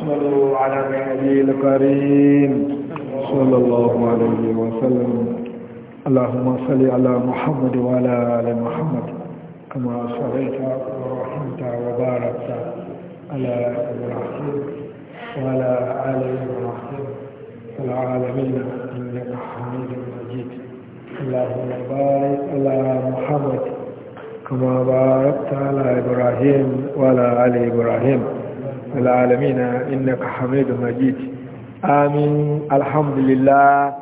صلوا على النبي الكريم صلى الله عليه وسلم اللهم صل على محمد وعلى ال محمد كما صليت ورحمت وباركت على ابراهيم وعلى ال ابراهيم في العالمين انك حميد مجيد اللهم بارك على محمد كما باركت على ابراهيم وعلى ال ابراهيم العالمين إنك حميد مجيد آمين الحمد لله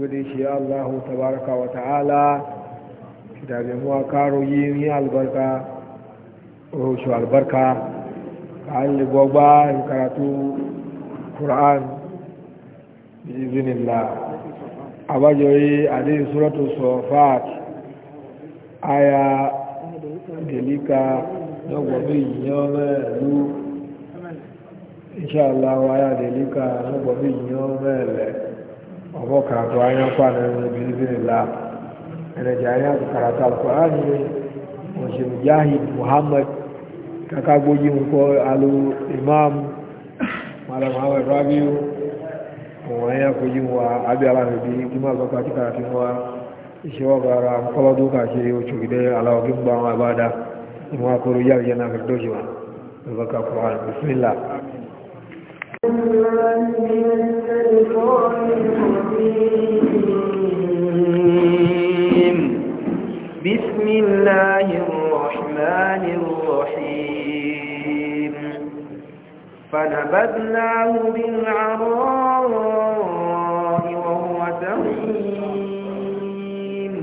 قدش يا الله تبارك وتعالى كتاب مواكارو يمي البركة وشو البركة قال بوبا يكراتو قرآن بإذن الله أبجوي عليه سورة الصفات آية دليكا نوبة بيجي يوم inshallah waya da lika na gobe yiwu mele ọbọ karatu anya kwana ne bilibili la ene ji anya karatu alkur'ani ne wasu mujahid muhammad kaka goji nko alu imam malam muhammad rabiu wọn ya koji wa abi alamibi kuma zọka ti karatu wa ishe wa gara mkwala duka ke ocho gide alawagin ba wa bada in wa koro بسم الله الرحمن الرحيم فنبذناه بالعراء وهو سقيم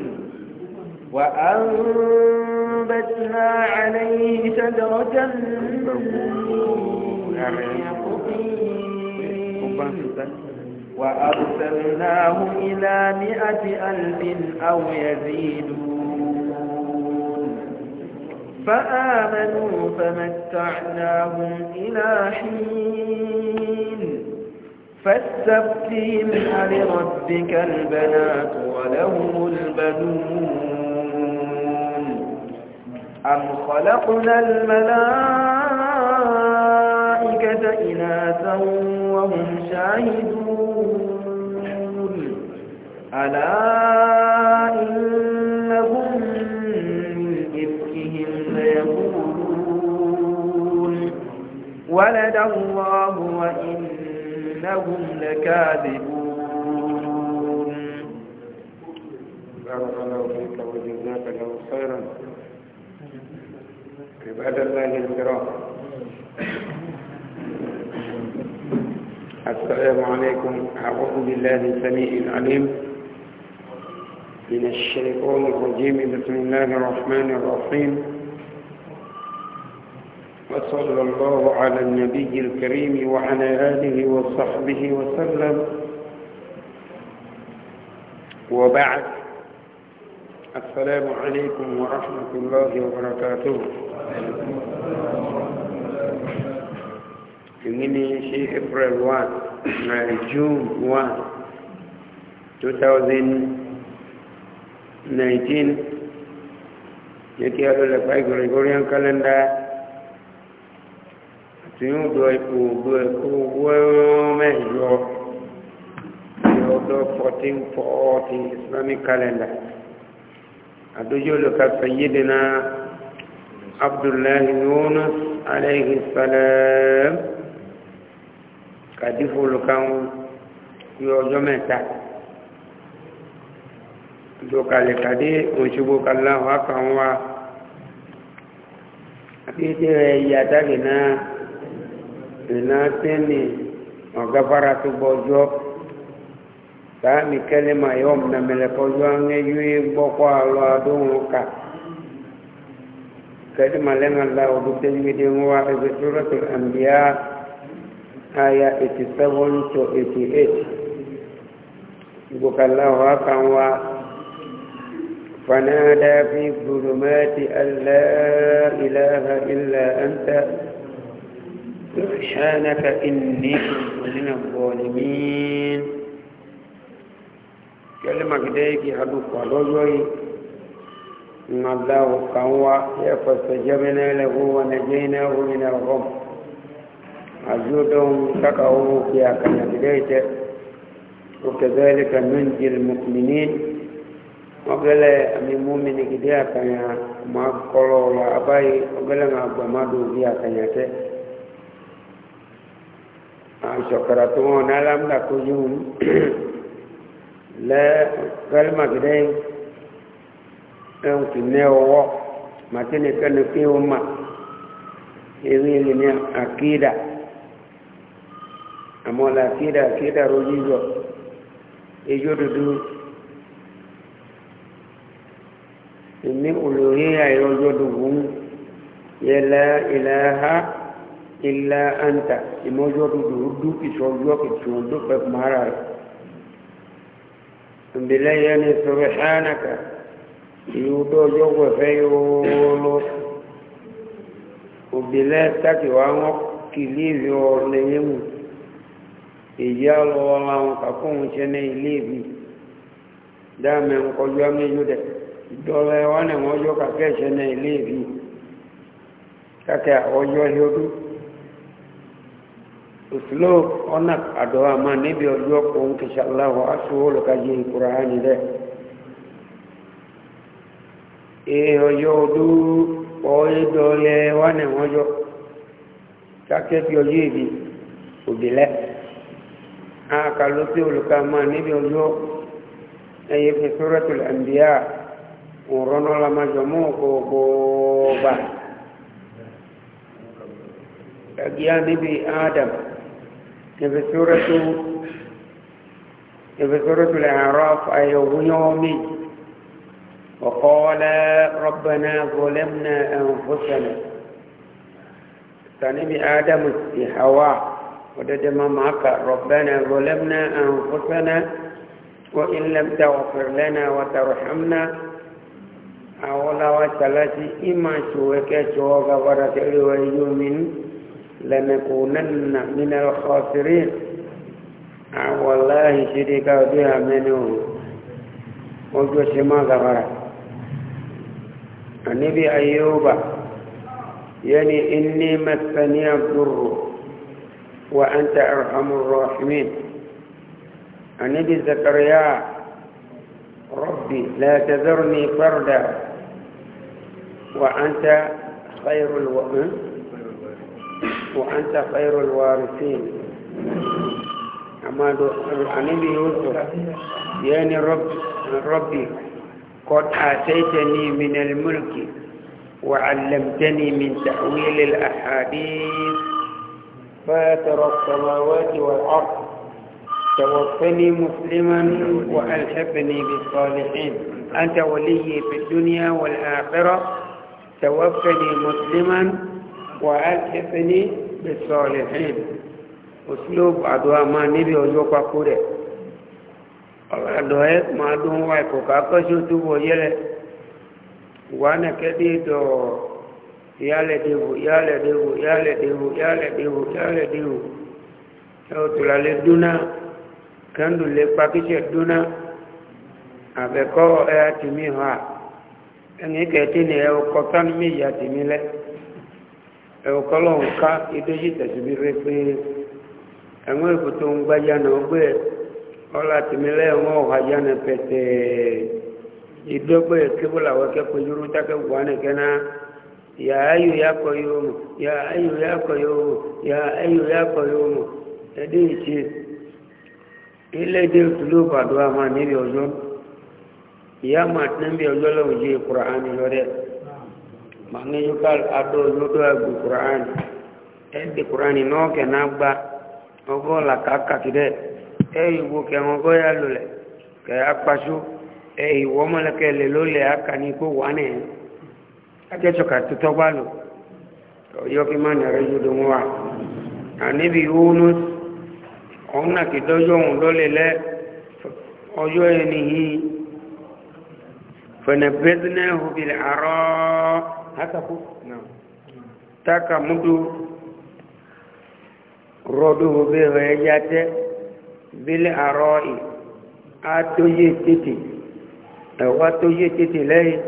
وأنبتنا عليه شجرة من وأرسلناه إلى مئة ألف أو يزيدون فآمنوا فمتعناهم إلى حين فاستبتهم لربك البنات ولهم البنون أم خلقنا الملائكة إناثا وهم شاهدون ألا إنهم من إفكهم ليقولون ولد الله وإنهم لكاذبون بارك الله فيك وجزاك الله خيرا عباد الله الكرام السلام عليكم أعوذ بالله السميع العليم من الشيطان الرجيم بسم الله الرحمن الرحيم وصلى الله على النبي الكريم وعلى آله وصحبه وسلم وبعد السلام عليكم ورحمة الله وبركاته èyí ni ṣe april 1 na june 1 2019 ní kí a lọ lẹ́pà gregorian calendar àti yóò dọ̀ ipò ògbó ẹ̀kọ́ wọ́n mẹ́jọ ọdọ́ 1440 islamic calendar àdójú olùkàtà yídina abdullahi yunus alayhi salam kàdífò olùkàwọn yọ ọjọ́ mẹ́ta dọ̀kalẹ̀ kàdé òṣogbo kàláwọ̀ àkàwọn wa àbíyẹ́tẹ́ rẹ̀ yàtá rìnà rìnà tẹ́ni ọ̀gáfárá tó bọ́jọ́ sáàmì kẹ́lẹ́ máa yọ ọ̀mùnà mẹ́lẹ̀kọ́jọ́ ẹ̀yọ́ gbọ́kọ́ àlọ́ àdóhùn kà kẹ́lẹ́ máa آية 87 to 88 الله أقوى فنادى في الظلمات أن لا إله إلا أنت سبحانك إني كنت من الظالمين كلمة كديك حدوك إن الله قوى فاستجبنا له ونجيناه من الغم عزودهم تقعوا في أكنا بدايته وكذلك ننجي المؤمنين وقال أمي مؤمن كده أكنا ما قلوا لا أباي وقال ما أبا ما دوبي أكنا شكرتون ألم لكجون لا كلمة كده يمكن نيوه ما تنكن فيهم ما إذن أكيدا àmọ́lá kéda kéda rojú yọ ejó dúdú ìní olórí àìrọ́jọ́ dùgbùn yẹlá ìlàáha ìlà àǹtà ìmọ́jọ́ dúdú dú ìṣọ́jọ́ ìtùn dúpẹ́ mara rẹ̀ ìbílẹ̀ yẹn ni sọ̀rọ̀ ṣáánàkà ìyúdọ́jọ́ wẹ̀fẹ́ yóò òbílẹ̀ sákìwá wọn kìlí ìrìn ọ̀rọ̀ lẹ́yìn mú. èyí àlọ́wọ́ làwọn kàkóhùn ṣe ní ilé ìbí dáàmẹ́ ń amíyú dẹ̀ ìdọ́lẹ̀ wà ní wọ́n ṣe ní ilé ìbí ọjọ́ yọdú òsìlò ọ̀nà àdọ́ àmà níbi ọjọ́ kòun kìṣà láwọ̀ قالوا في ولكما نبي وجو أي في سورة الأنبياء ورونا لما جموك وبوبا أجيا نبي آدم في سورة في سورة الأعراف أي يومي وقال ربنا ظلمنا أنفسنا كان نبي آدم في حواء ودد ما معك ربنا ظلمنا أنفسنا وإن لم تغفر لنا وترحمنا أولا وثلاثي إما شوكا شوك ورسل ويؤمن لنكونن من الخاسرين والله شريك بها منه وجو سما غفر النبي أيوب يعني إني مثني الضر وأنت أرحم الراحمين النبي زكريا ربي لا تذرني فردا وأنت خير الو... وأنت خير الوارثين أما النبي يوسف يعني ربي قد آتيتني من الملك وعلمتني من تأويل الأحاديث فاتر السماوات والأرض توفني مسلما وألحقني بالصالحين أنت ولي في الدنيا والآخرة توفني مسلما وألحقني بالصالحين أسلوب أدواء ما نبي وزوكا كوري أدواء ما دون وايكو كاكو شو تبو يلي وأنا كدي دو yálẹ̀ dèwò yálẹ̀ dèwò yálẹ̀ dèwò yálẹ̀ dèwò yálẹ̀ dèwò ẹ̀wọ̀n tó lálẹ́ dúná kẹ́ndù lé pakíṣẹ̀ dúná àbẹ̀kọ́ ẹ̀yà tìmí hàn ẹni kẹ̀tì ni ẹ̀wọ̀n kọ́ tánú mi ìyá tìmí lẹ́ ẹ̀wọ̀n kọ́ lọ́hùn ká idójì tẹ̀síbí rẹ pé ẹ̀wọ̀n èkó tó ń gbájá náà gbé ọ̀là tìmí lẹ́ ẹ̀wọ̀n ọ̀hà yá náà pẹ̀tẹ̀ ìdọ́gbẹ̀ kébùlà wọ́kẹ́ pẹ̀lú rúta kẹ́ ya ayu ya koyomu ya ayu ya koyomu ya ayu ya koyomu ẹdí ìṣe ilédè tùlù bàdó àmà níbi ọjọ́ ìyá máa tẹ́ níbi ọjọ́ lọ́wọ́ yé ya lọ́dẹ̀ màá ní yóká adó àgbò gba ọgọ́ làkàkà ẹ̀ ìwò kẹwọn ya ẹ̀ lè akẹ́sọ̀kà tó tọ́gbà lò ọ̀yọ́ kí má nàrẹ́ yóò wọn wà àníbi yóò ọ̀hún náà kì dọ́jọ́ òun lọ́lẹ̀ lẹ́ ọjọ́ ẹni yìí fẹ̀nẹ̀ bẹ́sẹ̀ obìnrin àárọ̀ hákàkú táàkà múdú rọ́dọ̀ obìnrin ẹ̀yà tẹ́ bílẹ̀ àárọ̀ yìí á tètè ẹ̀wá tó tètè lẹ́yìn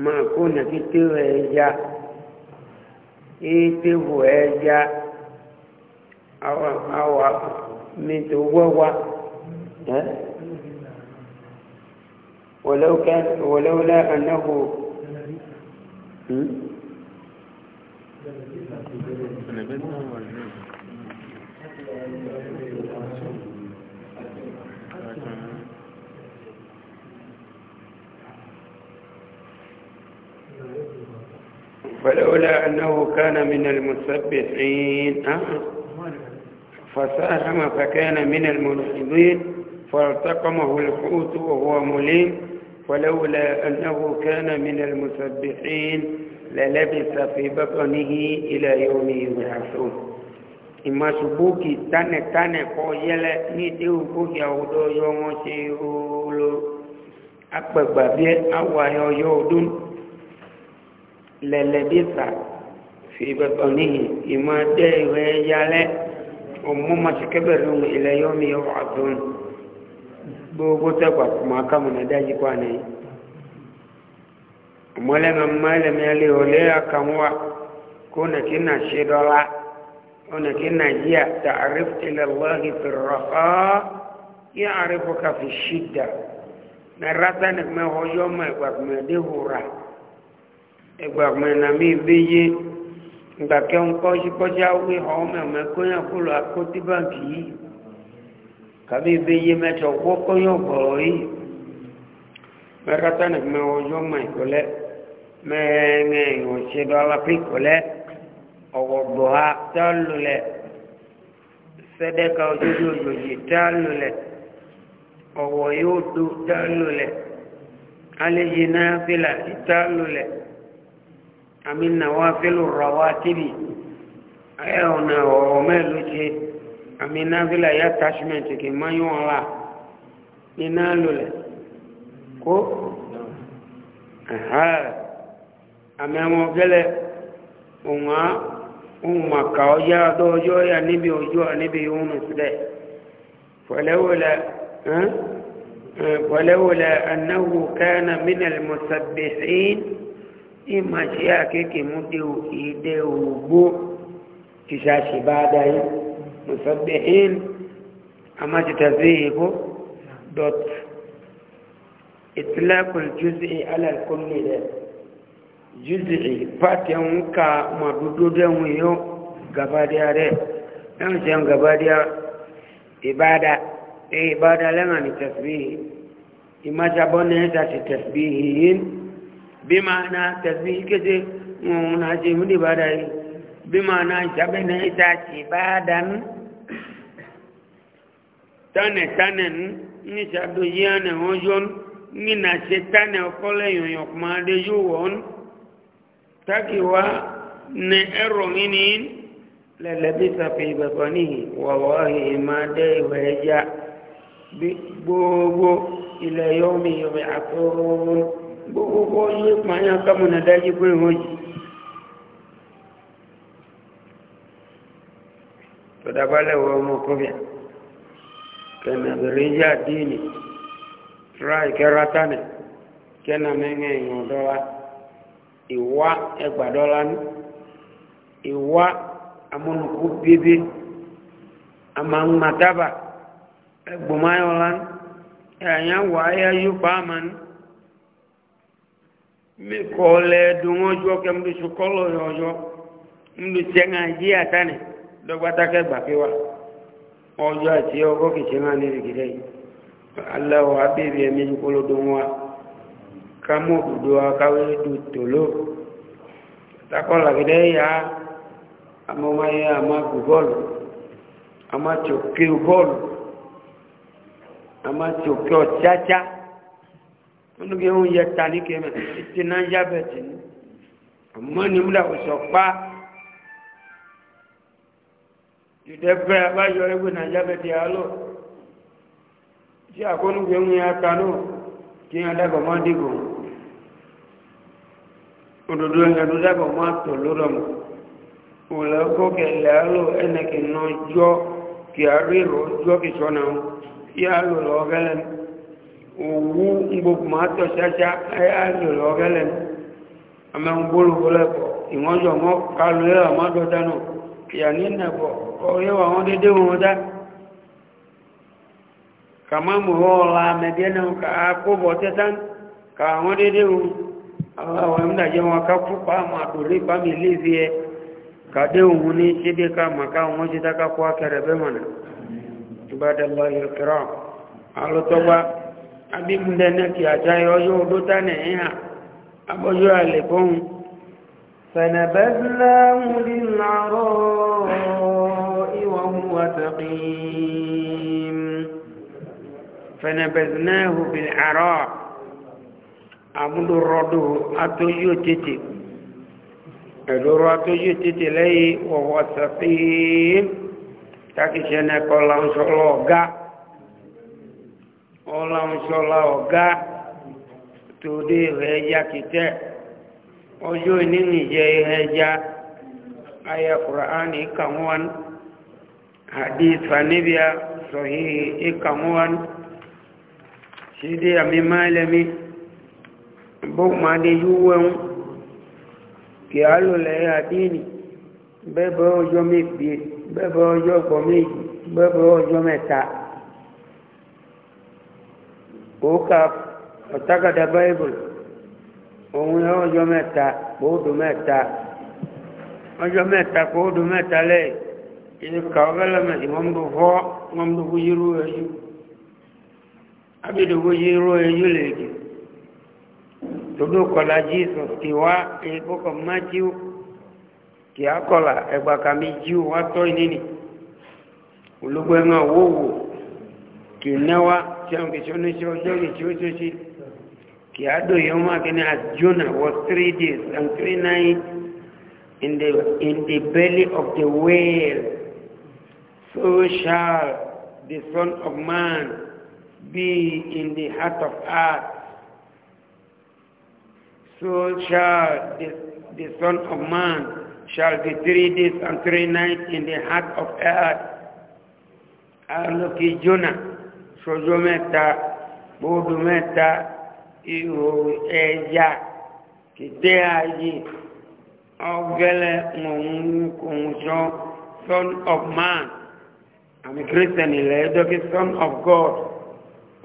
máa kó nàkí téwò ẹja téwò ẹja àwà mẹ́tò wọ́wá ولو كان ولولا أنه لبثنا فلولا أنه كان من المسبحين فساهم فكان من المنحبين فارتقمه الحوت وهو مليم فلولا أنه كان من المسبحين للبث في بطنه إلى يوم يبعثون إما سبوكي تاني تاني قويلة نيتيو بوكي أودو يوم سيولو أكبر بابي أوايو يودون lẹ̀lẹ́dẹ́ta fi bẹ̀tọ̀ níhì ìmọ̀ dẹ́ ìwẹ̀ yálẹ́ ọmọ màṣíkẹ́bẹ̀ lóhun ilẹ̀ yọ́mi yọ àtún gbogbo tẹ́kọ̀ àkùnmọ̀ akámọ̀nà dájí kọ́ àná yìí ọmọlẹ́mọ̀ mọ́lẹ́mẹ́lẹ́ ọ̀lẹ́ àkànwá kó nàkí nà ṣe dọ́lá ó nàkí nà yíyà tààríf ilẹ̀ lọ́hì fìrọ̀fọ́ yí kàfi ṣídà nà rásánìkùnmẹ́ ọjọ́ mọ̀ ìgbàgbọ́n ẹgbàgbọ́nà mi béyé ìgbà kẹ́ ń kọ́ síkọ́já wí ọmọ ẹ̀mọ́ kóyàn kúrò àkótí báńkì yìí kàbí béyé mẹ́tọ̀ ọ̀pọ̀ kóyàn gbọ̀rọ̀ yìí mẹ́kátá nì mẹ́ ọjọ́ mọ̀ ìkọ́lẹ́ mẹ́ẹ̀ẹ́mẹ́ ìwọ̀nsẹ̀dọ̀ alápẹ́ ìkọ́lẹ́ ọ̀wọ̀gbọ̀ ha tá lulẹ̀ sẹ́dẹ́ka ojúdú òjòjì tá lulẹ̀ ọ̀wọ̀ yóò dó tá lulẹ̀ alẹ́ yìí náà fìlà tá lulẹ̀ àmì nàwáfílù rọwátìbì ẹ ọ̀nà ọ̀rọ̀ mẹ́lú ṣe àmì náfílà yá tàṣímẹ̀tì kì máa yún ọ̀la ní náà lulẹ̀ kó àmì àwọn ọ̀gẹ́lẹ̀ òun á òun màkà ọjọ́ àdó ọjọ́ yà níbi ọjọ́ níbi òun sílẹ̀ pẹ̀lẹ́wọ̀lẹ̀ pẹ̀lẹ́wọ̀lẹ̀ anáwó kẹ́ẹ̀nà mínà mọ̀sàbẹ̀sìn ima ṣe àkéèké mú dé ìdẹ ògbó kìsà ṣe bá dáyé mùsọ̀bẹ̀ in a máa ti tàbí ìbò dot ìtìlẹ́kùn jùzì alẹ́kùnlé rẹ̀ jùzì pàtẹ́ ń ka ma dúdú dẹ́hùn yóò gabadíà rẹ̀ ẹ̀hùn ṣe ń gabadíà ìbádà ìbádà ni tàbí ìmájábọ́ ní ẹ̀ta ti tàbí yìí bí máa na tẹ̀sí kéde wọn na ṣe múlẹ̀ bá dá yìí bí máa na ìjábẹ́ náà ìta ṣì bá dánú tánẹ̀ tánẹ̀ ní ìṣàdó yí ànẹ̀ wọn yọ ní nà ṣe tánẹ̀ ọkọ́lẹ̀ yọ̀yàn kùmọ̀ adé yóò wọ́n tákì wá ní ẹ̀rọ nínú lẹ́lẹ́bí sàfihàn ìbẹ̀kọ́ níhì wọ̀wọ́ ìmọ̀dé ìwẹ̀ ẹja gbogbo ilẹ̀ yọmi yọmi àtọ́rọ́ gbogbo yé pààyàn kámọ̀nà dájú pé wọ́n yìí tọ́dàbálẹ̀ wọ ọmọkùnrin kẹ̀nàbẹ̀rẹ̀ yá dínì tíráì kẹrátánì kẹ́nàmẹ́rin èèyàn dọ́là ìwá ẹgbà dọ́là ní ìwá amúnukú bébé amàǹmàtàbà ẹgbùmáyọ̀lá ní ẹ̀yàn wà áyá yóò pa á máa ní mi kɔ lɛ doŋɔ dzɔ kɛ mi su kɔlɔ yɔ yɔ mi sɛŋa dzi atani dɔgbata kɛ gbake wa ɔdzɔ ati yɔ kɔ kɛ sɛŋa ne leke dɛ alɛ o abebi yɛ mi kolo doŋɔ wa kamo dodo wa kawo du tolo takɔ lake dɛ ya ame ma yɛ ama gu bɔlu ama tso ke bɔlu ama tso ke ɔtsatsa. onuge ohun yẹta ní kẹmẹ títí náà yábẹ tì ní àmọ ní múlẹ òsọ pa ìdẹbẹ abáyọ ẹgbẹ náà yábẹ tì alọ tí àkọnuge ohun yẹta náà kí yẹn dàgbà máa dìbò òdòdó yẹn tó dàgbà máa tò lórọ mọ òlẹ kókè lẹẹlò ẹnẹkẹ náà jọ kí àrírò jọ kìsọ náà yà á lò lọ gẹlẹ náà. òwú gbogbo máa tọ̀ ṣáṣá ayáàlò ọ̀gẹ́lẹ̀ àmẹ́hùn gbólógbólẹ́pọ̀ ìwọ́njọ́ mọ́ kálùlẹ́ àmọ́dọ́dá náà ìyà ní ìnàbọ̀ ọ̀rẹ́wà wọn dédé wọn dá kàmá náà kóbọ̀ tẹ́tá wọn dédé wọn aláwọ̀ ẹ̀mdàjẹ́ wọn ká fúpa àmọ́ àtòrí pàmì léèfì ka kàdé òun ní ṣédé ká wọn ṣe dáká kó akẹrẹ kẹrọ abígúndẹ́nà kí àjáyọ ọjọ́ odó tánà ẹ̀yà abọ́jọ́ àlẹ́kọ́hun فنبذناه بالعراء وهو سقيم فنبذناه بالعراء عمد الرد أتجو تتي الرد أتجو تتي لي وهو سقيم تاكي شنك الله إن شاء الله ọlọ́nṣọ́lá ọ̀gá tó dé rẹ̀ ya kìtẹ́ ọjọ́ ìníní jẹ́ rẹ̀ ya ayé kùránì kàwọn hadith anibia sọ̀hí kàwọn ṣídé àmì máìlẹ́mí bọ́kùnmáde yúwẹ́un kì á lò lẹ́yìn àdínì bẹ́bẹ̀ ọjọ́ méje bẹ́bẹ̀ ọjọ́ gbọ̀mí mẹ́ta. òkà ọ̀tàgàdà bible òun ọjọ́ mẹ́ta kóòdù mẹ́ta ọjọ́ mẹ́ta kóòdù mẹ́ta lẹ́yìn ìka ọgọ́lẹ́mẹ̀ ìwọ́mdù fọ́ ọmọdù fún yíró ẹyú abidùgbò yíró ẹyú lèdì tòdó kọlá jesus kì wá ìkókò májíw kì á kọlà ẹgbàkàmí jíw wá tọ́ ìnínì ológbò ẹ̀ngàn kì náwá. chao kicho ni cho jo ni cho cho chi ki ado yoma kene as Jonah was three days and three nights in the in the belly of the whale so shall the son of man be in the heart of earth so shall the, the son of man shall be three days and three nights in the heart of earth. Look at Jonah. sọjọ́ mẹ́ta gbódò mẹ́ta ihò ẹja kìtẹ́ ayé ọgẹ́lẹ́ ọ̀hún son of man àmì kírísítẹ̀nì ilẹ̀ ẹjọ́ kí son of god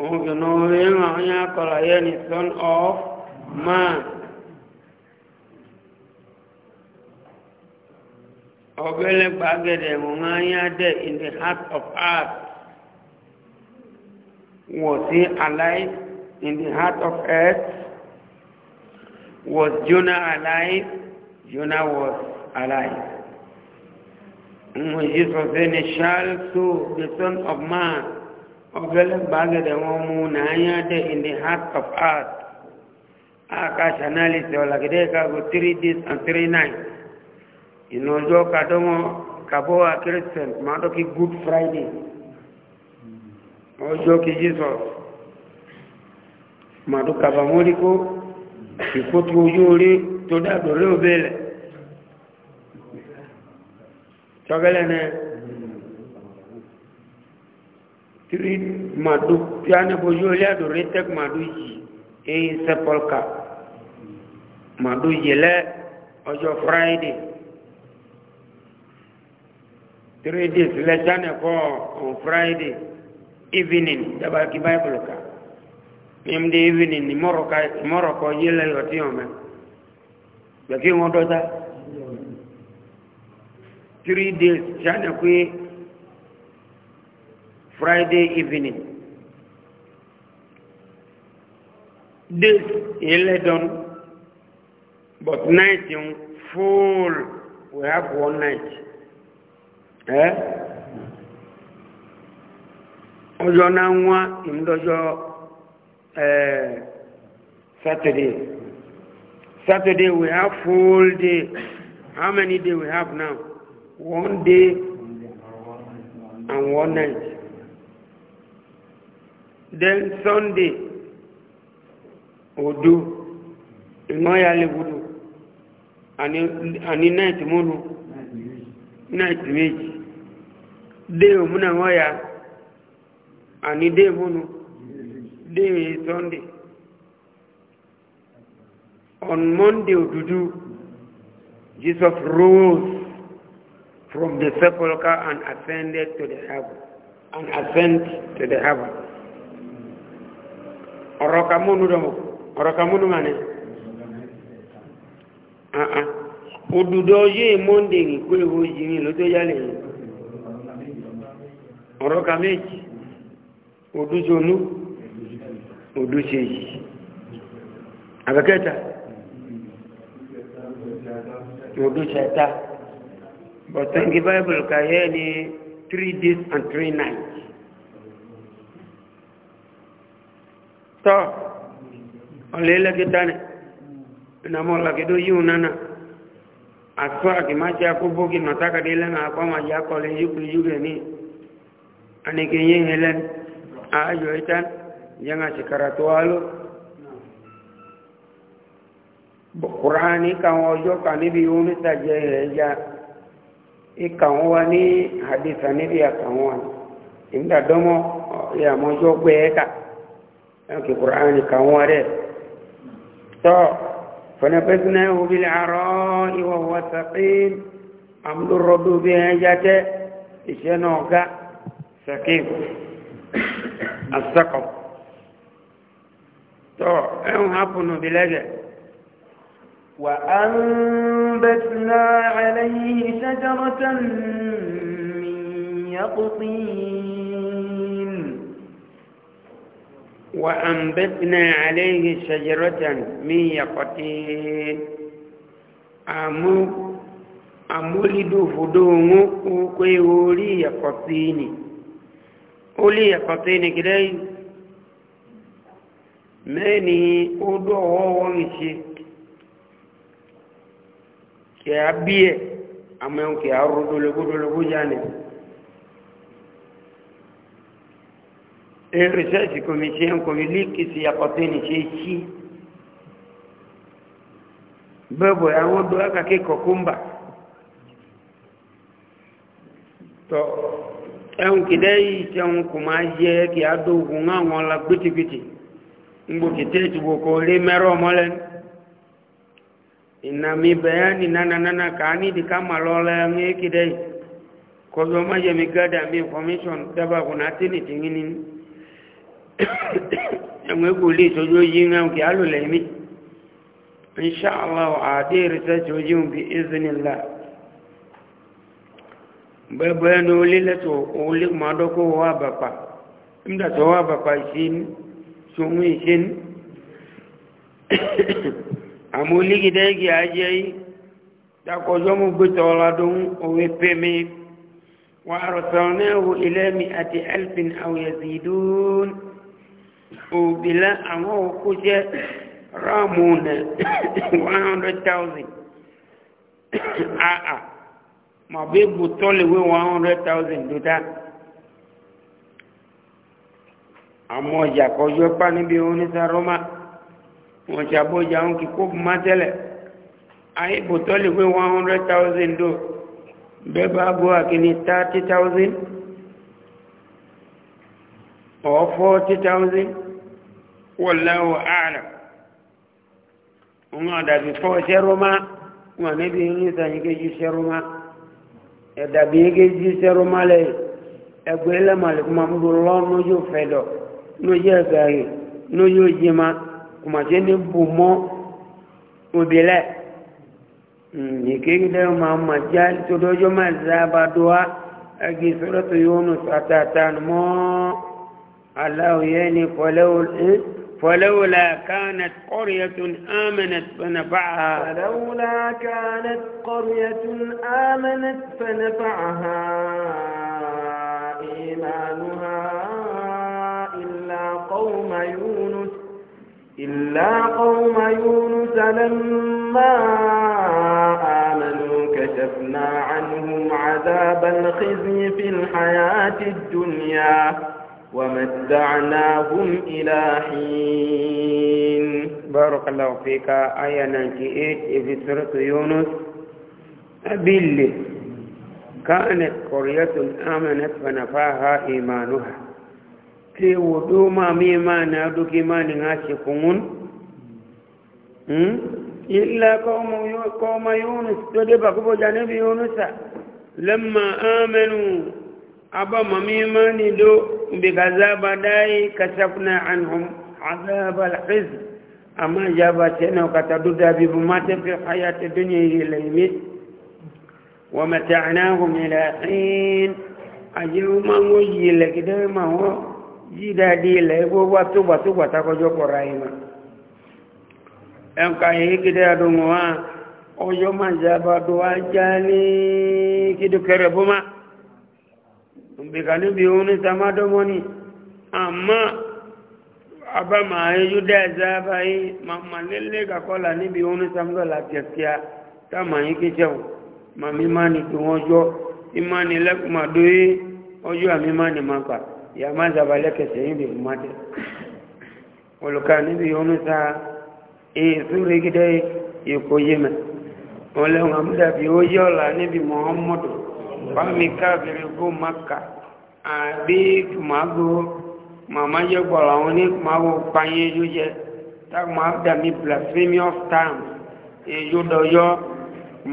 òun kì ní orí ìrìn àwọn ni son of man ọgẹ́lẹ́ gbàgẹ́dẹ̀ ọ̀hún ayé dẹ̀ in the heart of earth. was he alive in the heart of earth? Was Jonah alive? Jonah was alive. And when Jesus said, shall so the Son of Man of in the heart of earth. Akasha analysis olakideka go three days and three nights. You know, Inojo kadomo kaboa Christian, madoki Good Friday. ọjọ́ kí jesus màdùkàbà mórí kó ìkótó ojú orí tó dàgbò rí òbẹ̀lẹ̀ tọ́gẹ́lẹ̀ náà tírí màdù tí a níbo ojú orí àdò rí tẹ́kù màdù yìí èyí sẹ́pọ̀lkà màdù yìí lẹ́ ọjọ́ friday three days lẹ́sánẹ̀kọ́ on friday evening daba ki bible ka em de evening ni moro ka moro ko yele yoti ome ya ki won dota three days chana ku friday evening This yele don but night yung full we have one night eh ọjọ́ náà ń wá ìmúdọ́jọ́ saturday saturday we have full day how many day we have now one day and one night then sunday odu ìmọ̀yàlẹ̀ wudu àní night múnu night méjì day òmùnà wọ́n yà àní dé múnu dé sunday on monday òdúdú jesus rose from the sepulchre and ascended to the heaven and ascend to the heaven ọ̀rọ̀ ka múnu dọ̀mọ̀ ọ̀rọ̀ ka múnu mà ní òdúdú uh-uh. ọjọ́ monday kó èwo yìí ló tó yálẹ̀ yìí ọ̀rọ̀ ka méjì odúsolú odúse yìí àbẹ̀kẹta But thank bọ̀tẹ́ǹkì bible kàyẹ́ ni three days and three nights tọ́ ọ̀lẹ́lẹ́gẹ́ta ni ìnàmọ́lọ́gẹ́dó yíò nánà aswa kimacha kubuki nataka dile na kwa maji yako le yuko yuko ni anikenyele ayo itan yang ngasih karatu alu Qur'ani kan ojo kan ibi Yunus aja ya ikan wani hadis ani dia kan wani inda domo ya mojo gbe ka ki Qur'ani kan wani to فنبذناه بالعراء وهو ثقيل عمل الرب بهجته إشنوك ثقيل asakọ tọ ẹhùn hapùnù bí lẹ́gẹ̀ wà á ń bẹ̀tìlá àlẹ́yìn ṣẹ́jọ́rọ́tà يقطين وأنبتنا عليه شجرة من يقطين أمو أمولد فدوم كوكي ولي يقطيني ولي قطين كلي ماني أدو ووانشي كي أبيه أما يوم كي أردو لقودو لقو جانب الرسالة كوميسيان كوميليكي سيقطين شيء شيء bẹ́bọ̀ àwọn odò akàkẹ́ kọ̀kúmbà tọ́ ẹ̀hùn kìdẹ́ yìí tí ẹ̀hùn kò máa yẹ kí a dó ogun àwọn la gbìtìgbìtì ngbò kìtẹ́ ìtùgbò kò rí mẹ́rọ mọ́lẹ́ ìnàmì bẹ̀yà ní nánàánà kàá nídìí ká mà lọ lẹ́ ẹ̀hùn kìdẹ́ yìí kọjọ má yẹ mi gádà mi information dábàá kò náà tẹ́lẹ̀ tí yín ní ẹ̀hùn kò lè sọjọ́ yìí ń ẹ̀hùn kì á lò lẹ́mí inṣàlá àdé research ojú bí ìzìnnìlá bẹ́ẹ̀bẹ́ẹ̀ ní olílẹ́tọ̀ olí mọ́dọ́kọ́ wà bàpà nígbàtọ̀ wà bàpà ìṣẹ́ni ṣohun ìṣẹ́ni àmú lígidẹ́ igi ajẹ́ yìí dákọjọ́ mú gbẹ́tọ̀ ọ̀làdún òwe pèmí wà rọ̀tọ̀ọ̀nẹ́wò ilẹ́mi àti elfin àwòyẹ̀sìdún òbílẹ̀ àwọn òkú jẹ́ ráàmù nẹ̀ 100,000 ma be butɔ le we one hundred thousand do ta àmọ ìjà kọjú ẹpá níbi oníṣà rọmà wọn ṣàbọjà ń kíkó má tẹlẹ ayé butɔ le we one hundred thousand do bẹẹ bá gbọ àkíní thirty thousand or forty thousand wọláwọ àlà wọn àdàbí fọ ṣẹrọmà wọn níbi oníṣà yìí kejì ṣẹrọmà ẹ̀dàbí yẹ́ kéjì sẹ́rọ málẹ̀ ẹgbẹ́ ẹlẹ́màlẹ̀ kò máa múlò lọ́ lójú fẹ̀dọ̀ lójú ẹ̀gàrì lójú jìmá kò máa ṣe ní bù mọ́ òbílẹ̀ hmm, ìkéyìí dẹ́rù máa mà já tòdójọ́ máa zábàdúwá ẹgbẹ́ sọ́dọ̀ tó yóò nù sàtàtà mọ́ aláwòyẹ́ ní pọ̀lẹ́wò فلولا كانت قرية آمنت فنفعها فلولا كانت قرية آمنت فنفعها إيمانها إلا قوم يونس إلا قوم يونس لما آمنوا كشفنا عنهم عذاب الخزي في الحياة الدنيا ومتعناهم إلى حين بارك الله فيك آية نجيئت في سورة يونس أبيل كانت قرية آمنت فنفاها إيمانها في ودوما ميما نادوك ما نعاشقون إلا قوم يونس تدب قبو جانب يونس لما آمنوا أبا مميما ندو بغذاب داي كشفنا عنهم عذاب الخزي أما جابتنا وكتدود ببمات في الحياة الدنيا إلى ومتعناهم إلى حين أجل ما وجي لك دائما هو جيدا دي لك وطوبة طوبة تقجو قرائما ẹnkà yìí kìdẹ́ àdùnmọ́ wa ọjọ́ máa jábàdùn ajá ní kìdùkẹrẹ bó máa bìkàlú bí òun ní tamádọ́mọ́ ni àmọ́ abámà ẹjú dáadáa báyìí màmá lélẹ́ kàkọ́là níbi òun ní tamádọ́là kẹ̀kẹ́ táàmà yín kí jẹun màmí má ní kí wọ́n jọ ìmá ní lẹ́kùnmá dóyé ọjọ́ àmì má ní má pa ìyá má zabalẹ̀ kẹsẹ̀ yín bìí má dẹ́ olùkà níbi òun ní sáà ìsúre gidẹ́ ìkóyé mẹ́ ọlẹ́wọ̀n àmúdàbí ó yọ̀ ọ̀la níbi mọ́ ọmọdún fami káfíìrì kó maka àbí màgbó màmá jẹ gbọlọ àwọn ní màwò pààyè yóò jẹ tá màá dàbí blasphemy of time èyí dọyọ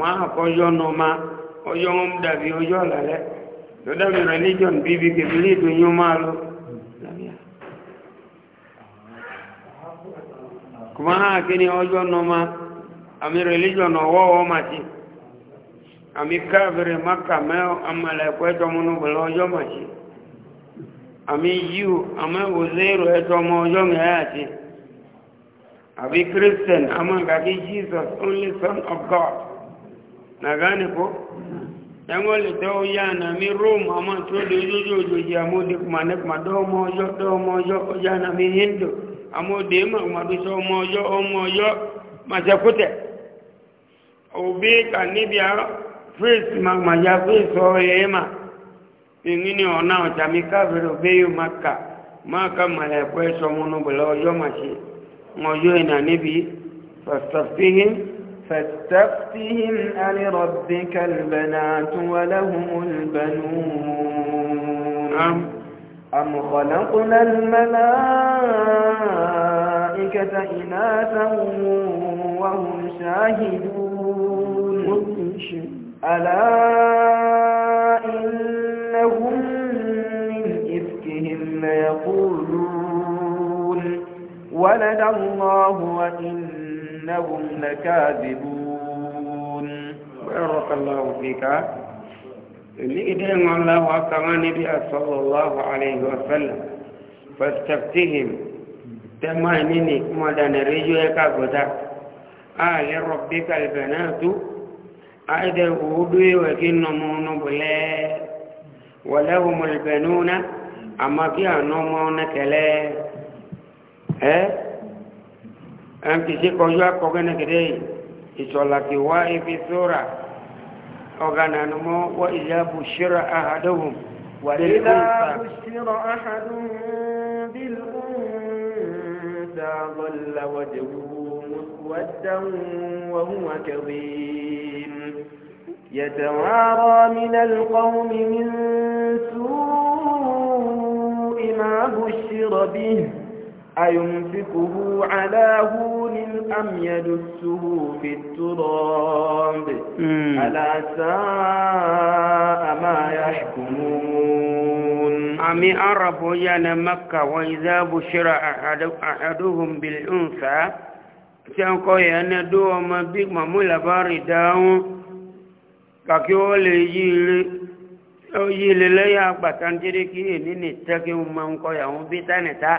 màá kọjọ nù ma ọjọ ń dàbí ọjọ lálẹ lọdàbí religion bíbí kébìlì ìdúnyún máa lọ. kùmá náà kí ni ọjọ́ nù ma àmì religion ọwọ́ ọmọ àti. ami kabre maka me amale kwe to munu bolojo machi ami yu ame wo zero e to mo jo me ati abi christian ama ga ki jesus only son of god na gani ko tangole to ya na mi rum ama to do jo jo jo ya mo di kuma ne kuma do mo jo do mo jo ya na mi hindu amo de ma ma do so mo jo o mo jo ma je kute obi ka ni bia fèsì màmàjà fèsì ọ̀yẹ́ mà èyí ni ọ̀nà ọ̀jà mi káfíìrì òbẹ́yò má kà má kà màlẹ̀ ẹ̀kọ́ ẹ̀sọ́ múnú bẹ̀lẹ̀ ọjọ́ mà ṣe ọjọ́ ìnà níbi fàstàfíhìn فاستفتهم ألربك البنات أم خلقنا الملائكة إناثا وهم شاهدون ألا إنهم من إفكهم ليقولون ولد الله وإنهم لكاذبون بارك الله فيك لإدعم الله كما نبي صلى الله عليه وسلم فاستفتهم تمانيني مدن رجوك غدا آل ربك البنات أيضا وهدوي وكين نمون بلا ولهم البنون أما كيا نمونا كلا أه أم تسي كوجوا كوجنا كده كي واي في سورة أغانا نمو وإذا بشر أحدهم وإذا بشر أحدهم بالأنثى ظل وجهه مسودا وهو كظيم يتوارى من القوم من سوء ما بشر به أيمسكه على هون أم يدسه في التراب ألا ساء ما يحكمون أم أربوا ين مكة وإذا بشر أحد أحدهم بالأنثى سنقول أن دوما بما ملبار داون kàkí ó lè yí ilé ó yí ilé lẹ́yìn àgbàtà ń jẹ́rẹ́ kí èmi ní tẹ́kí ń máa ń kọ́ ìyàwó bí tánìta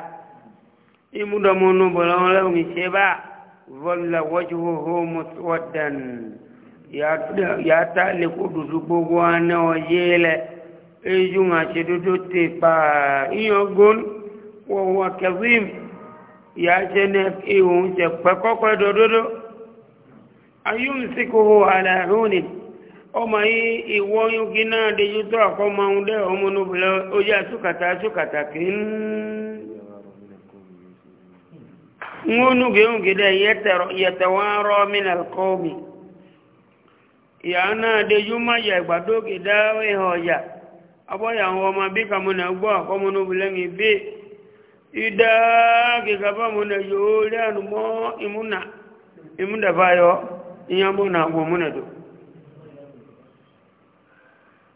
ìmúdọ̀mọ́nú bọ̀lọ́wọ́ lẹ́hùn ìṣe bá vọ́lá wọ́jú hóhó mọ́tòwọ́dàn yàtá lè kó dùdú gbogbo aná ọ̀yẹ́ lẹ̀ ejú ń àṣẹ dúdú ti pa ìyàn gón wọ̀wọ̀ kẹfìm yàtá ní ìhùn ṣẹ̀pẹ́ kọ́kọ́ dòdòdó ayé ń sìnkú àlàrúnìí. ọmọ yìí ìwọ yóò náà dejú tó àkọ́mọ ohun dẹ́ ọmọ onúbìlẹ̀ ó yá sókàtà kì ń ngunu geun gida yatawarọ min alqawmi ya na de yuma ya gbado keda we hoya abo ya wo ma bi kamu na gbo akomo nu bulengi na yo le na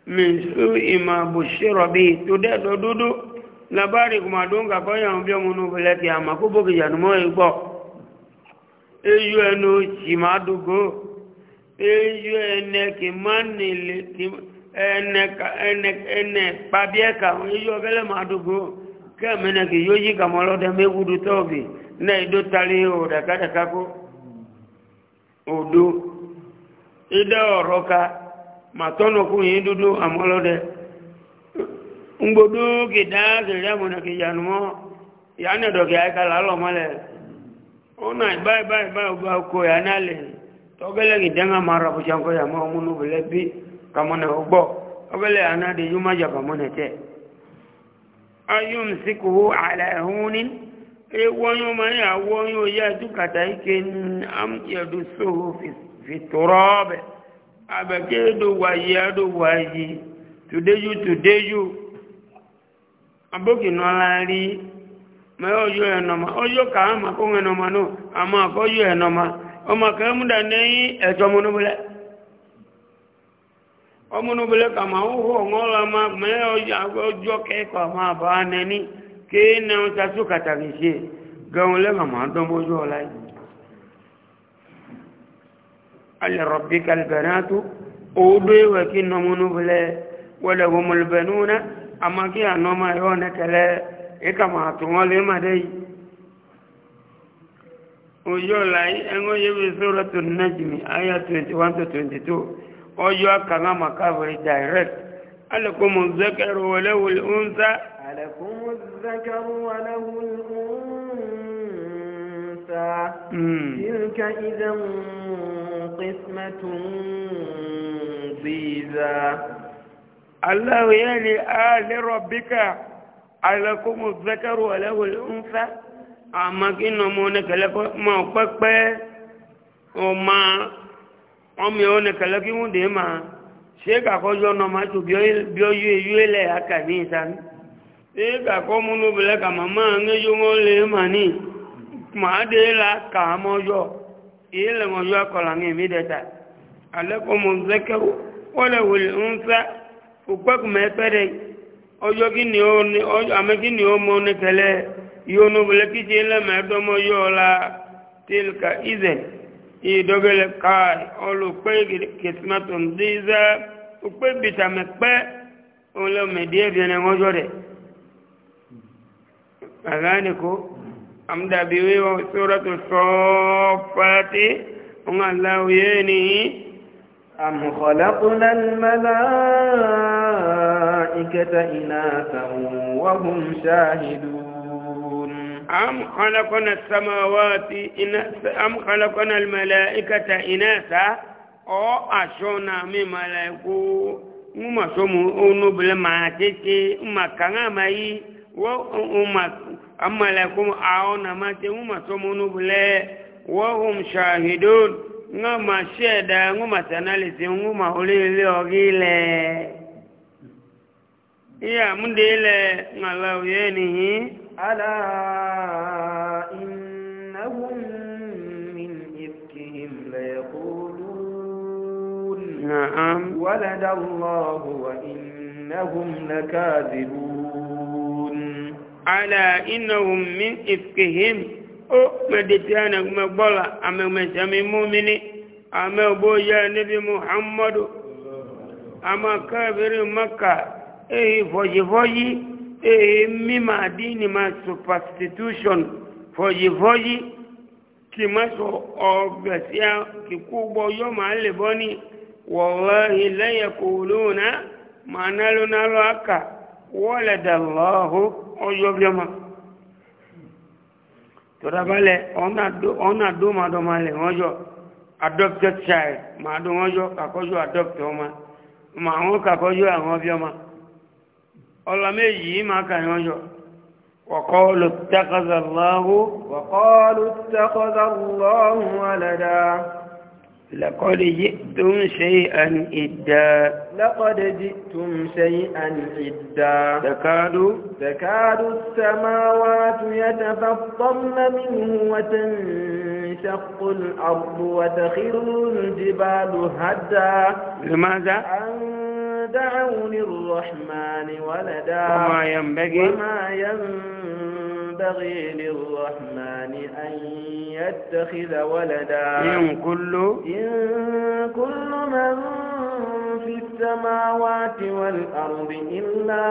min su ima bushiro bi to de do dudu labari kuma dunga ko yan bi mu nu bele ti ama ko bo ki janu mo igbo eyu enu ti ma dugo eyu ene ki mani le ki ene ka ene ene pabie ka eyu gele ma dugo ke mena ki yoji ka mo lo de me gudu tobi na ido tali o da ka da ka ko odo ida oroka màtọ́nà fún yìí dúdú àmọ́lọ́dẹ ngbodó kìdá kìdá mọ̀nà kìyànú mọ́ ìyánẹ̀dọ̀ kìá ìkàlà lọ́mọ́lẹ̀ ọ̀nà ìbáyìí báyìí báyìí bá kó ìyánà lè tọ́gẹ́lẹ̀ kìdá ń máa rà fúnṣà kọ́ ìyàmọ́ ọmúnú bẹ̀lẹ́ bí kàmọ́nà ọgbọ́ ọgẹ́lẹ̀ ànáde yóò má jàpá mọ́nà tẹ́ ayọ́m síkòó àlẹ́ ẹ̀hún ní ewọ́n yóò abeke do wayi ado wayi tudeju tudeju aboki nɔla ri mɛ ɔyɔ enoma, oyo ka ma ko enoma no ama ko ma ɛnɔma ɔma ka emu da nɛyi ɛtɔmɔnubilɛ ɔmɔnubilɛ kama ɔwɔ ŋɔla ma mɛ ɔyɔ kɛ kɔ ma ba nɛni kee nɛ ɔtasu kataki se gɛwɔn mama kama dɔmɔdɔ la yi. alirọ̀bíkà albanatu òódó ìwẹ̀ kí nọmúnú bilẹ̀ wọlé wọmọlùbẹ̀nú náà àmọ́ kí ànọ́mà yóò nẹ́kẹ̀lẹ́ ìkàmà àtúnwọ́lé màdé yìí ọjọ́ láyé ẹ̀ngọ́ yẹ́wé sọ́rọ̀ tó nájìmí ayá 21 to 22 ọjọ́ akàmà makabiri direct alẹ́kùnmù zẹ́kẹ̀rù wọléwò oúnjẹ. tilka idan قسمة ضيزى الله يعني آل ربك ألكم الذكر وله الأنثى أما كنا مونك لك ما أقبك وما أمي أونك لك مدهما شيك أخوجو نماتو بيو يويلي هكا نيسان شيك أخو منو بلك ماما أنجو مولي ماني ما دي لا كامو جو ile mo yo kola ngi mi deta alakum muzakkaru wala wal unsa ukpak me pere ojo kini o ni ojo ame kini o mo ne kele yo no bele ki je le tilka izen i dogele kai olu pe kismatun diza ukpe bitame pe ole me die bien en ojo amda biwi wa suratu sofati unga lau yeni am khalaqna al malaikata inathan wa hum shahidun am khalaqna as samawati inatha am khalaqna al malaikata inatha o ashona mi malaiku mu masomu onu bile ma tete ma kanga mai wo أما لكم أعون ما تهم تمون بلا وهم شاهدون نما شهدا نما تنالسي نما أولي لأغيل يا من ديل الله ينهي ألا إنهم من إفكهم ليقولون نعم ولد الله وإنهم لكاذبون ala innahum min ifkihim o meditiana gbọ́la amẹ́mẹ́sẹ̀mí múmini amẹ́ òbóyá níbi muhammadu àmà káàbírí maka èyí fọ́jìfọ́jì èyí mímà dínì ma superstitution fọ́jìfọ́jì kì má sọ ọgbẹ̀síá kíkú gbọ́ yọ́ máa lè bọ́ ní wọ̀wọ́hì lẹ́yẹ̀kọ̀ lónà màá nálónálọ́ ọyọ́ bí ọmọ tọ́dábálẹ̀ ọ̀nà àdómadọ́malẹ̀ wọ́n yọ adopted child máa dún wọ́n yọ kàkọ́jọ́ adopt ọmọ ma àwọn kàkọ́jọ́ àwọn bí ọmọ ọlọ méjì máa kà wọ́n yọ وقالوا اتخذ الله وقالوا اتخذ الله ولدا لقد جئتم شيئا إدا لقد جئتم شيئا إدا تكاد تكاد السماوات يتفطرن منه وتنشق الأرض وتخر الجبال هدا لماذا؟ أن دعوا للرحمن ولدا وما ينبغي وما ينبغي ينبغي للرحمن أن يتخذ ولدا إن كل إن كل من في السماوات والأرض إلا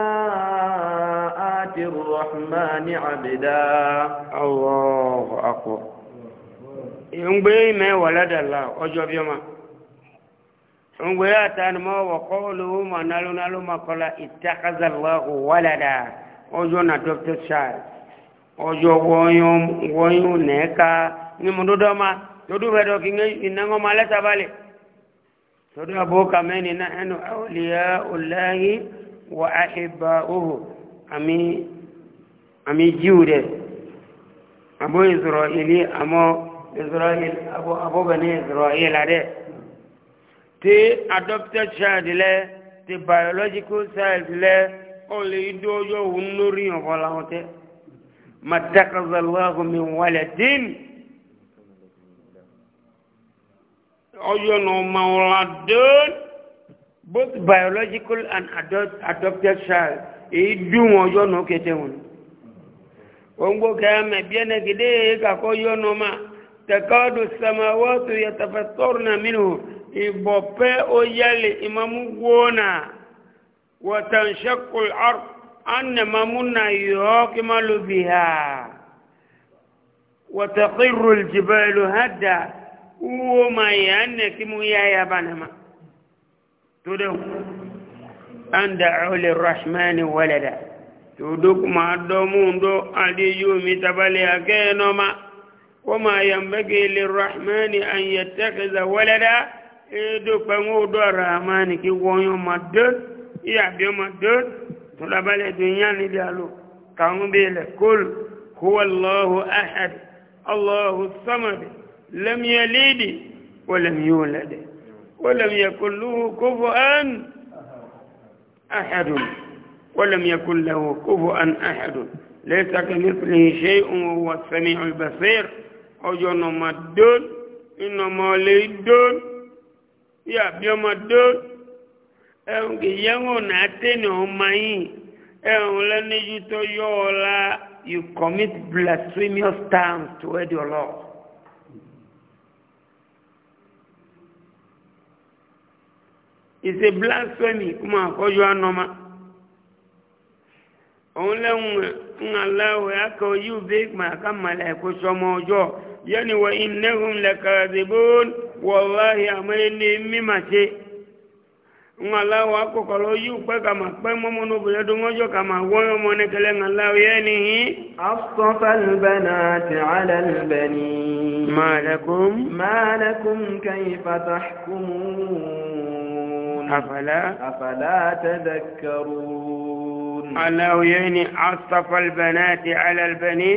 آتي الرحمن عبدا الله أكبر ينبغي ما ولد الله أجب يوما ngwe atan mo wa qawluhu ma nalu nalu ma qala ittakhadha Allahu walada ojo na doctor Charles ọjọ́ wọ́nyún nẹ́ẹ̀ka ní mo dúdọ́ ma lódú ma lẹ́sà balẹ̀ lódú àbókà mẹ́ni enu ẹnu àwòlíyà ọ̀láyé wà áhìbá òhù àmì jíù rẹ̀ àbó ìzọ̀rọ̀ ilé àmọ́ abóbẹ̀ni ìzọ̀rọ̀ ilá rẹ̀ adopted child ti biological child ما اتخذ الله من ولد ọjọ́ náà ma ọ̀rọ̀ adọ́n both biological and adult, adopted child èyí dùn ọjọ́ náà kété wọn oúnjẹ kẹ́mẹ̀ bí ẹnẹ gidé kàkọ́ ọjọ́ náà ma tẹ̀kọ́dù samawọ́tò yẹtẹ̀fẹ́ tọ́rù náà mínú ìbọ̀pẹ́ ó yẹlẹ̀ ìmọ̀mú gbóná wọ̀tànṣẹ́kùl ọ̀rọ̀ أن ممنا يهاكم بها وتقر الجبال هدا وما يأنك ميا يا بنما تدو أن دعوا للرحمن ولدا تدوك ما دومون دو أدي يومي تبالي أكينما وما ينبغي للرحمن أن يتخذ ولدا إدو فمو دو الرحمن كي ويوم الدد يا بيوم الدد tulabale duniani dialo kaumbele kul huwa allahu ahad allahu samad lam yalid wa lam yulad wa lam yakul lahu kufuwan ahad wa lam yakul lahu kufuwan ahad laysa kamithlihi shay'un wa huwa as-sami'ul basir ojono madon inomo leidon ya biomadon ẹ̀hùn kì yẹ́wọ̀n náà tẹ́nì ọmọ yìí ẹ̀hùn lẹ́nìjú tó yọ ọ la you commit blasphemous times to your lord. it's a blasphemy kuma akɔjɔ anɔma òun lɛ ń ala wɛ aka oyi ube ma aka mala ɛkò sɔmɔ ɔjɔ yanni wa inahum lɛ kaadibon wɔlahi ama ɛni ngala wa ko kolo yu pe kama pe momo no boyo do ngojo kama woyo mo ne kele ngala ye ni asafa al banati ala al bani ma lakum ma lakum kayfa tahkumun afala afala tadhakkarun ala ye ni asafa al banati ala al bani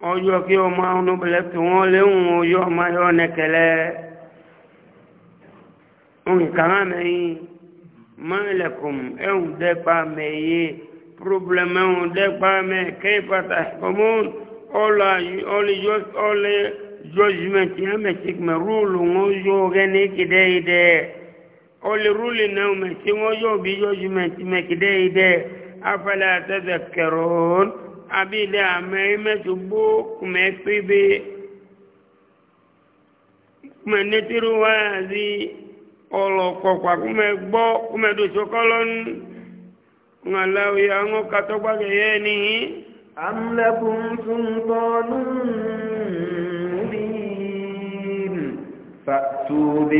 ojo ki o ma unu bele to won le un ojo ma yo ne kele nkàrà mẹ́yìn mọ́lẹ̀kùn ẹ̀hùn dẹ́pa mẹ́yẹ problem ẹ̀hùn dẹ́pa mẹ́ kẹ́pàtà ọmọ ọlẹ́ judgment yẹn mẹ́tìk mẹ́ rúùlù wọn yọ ọgẹ́ ní kìdẹ́ ìdẹ́ ọlẹ́ rúùlù náà mẹ́tì wọn yọ bí judgment mẹ́ kìdẹ́ ìdẹ́ afẹ́lẹ́ àtẹ́tẹ́ kẹrọ́n àbí ilẹ̀ àmẹ́ mẹ́tì gbó kùmẹ́ pébé kùmẹ́ nẹ́tìrú wáyà sí. ọlọ̀kọ̀kwà kúmẹ̀ gbọ́ kúmẹ̀ dòṣokọ́ lọ́nu ńláwó ya ń kàtọ́ gbàgbé yẹ ni. amlẹ́kùn tún tọ́nu bí fàtú bí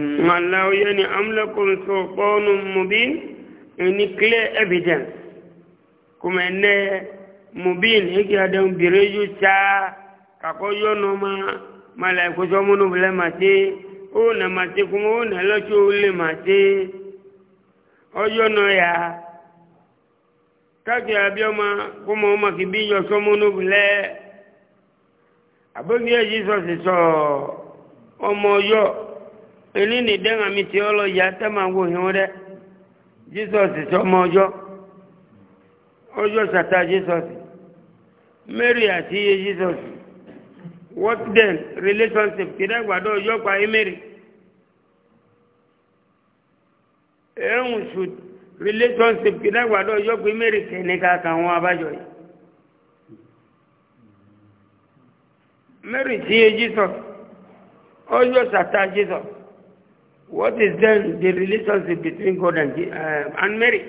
ni tún ni clear evidence mubin hiki adam biriju cha kakoyo noma mala kuso munu bile mati una mati kumu una lochu uli mati oyo no ya kaki abioma kumu uma kibijo so munu bile abongi ya jiso siso omo yo ilini denga miti olo ya tema uhi ude jiso siso omo yo ọjọ́ sàtà jesus mary àti iye jesus what then relationship kìdá gbàdọ̀ ọjọ́ pa emery ẹ̀hùn should relationship kìdá gbàdọ̀ ọjọ́ pa emery kẹ́nìkà kàwọn abájọ yìí mary ti iye jesus ọjọ́ sàtà jesus what is then the relationship between god and, uh, and mary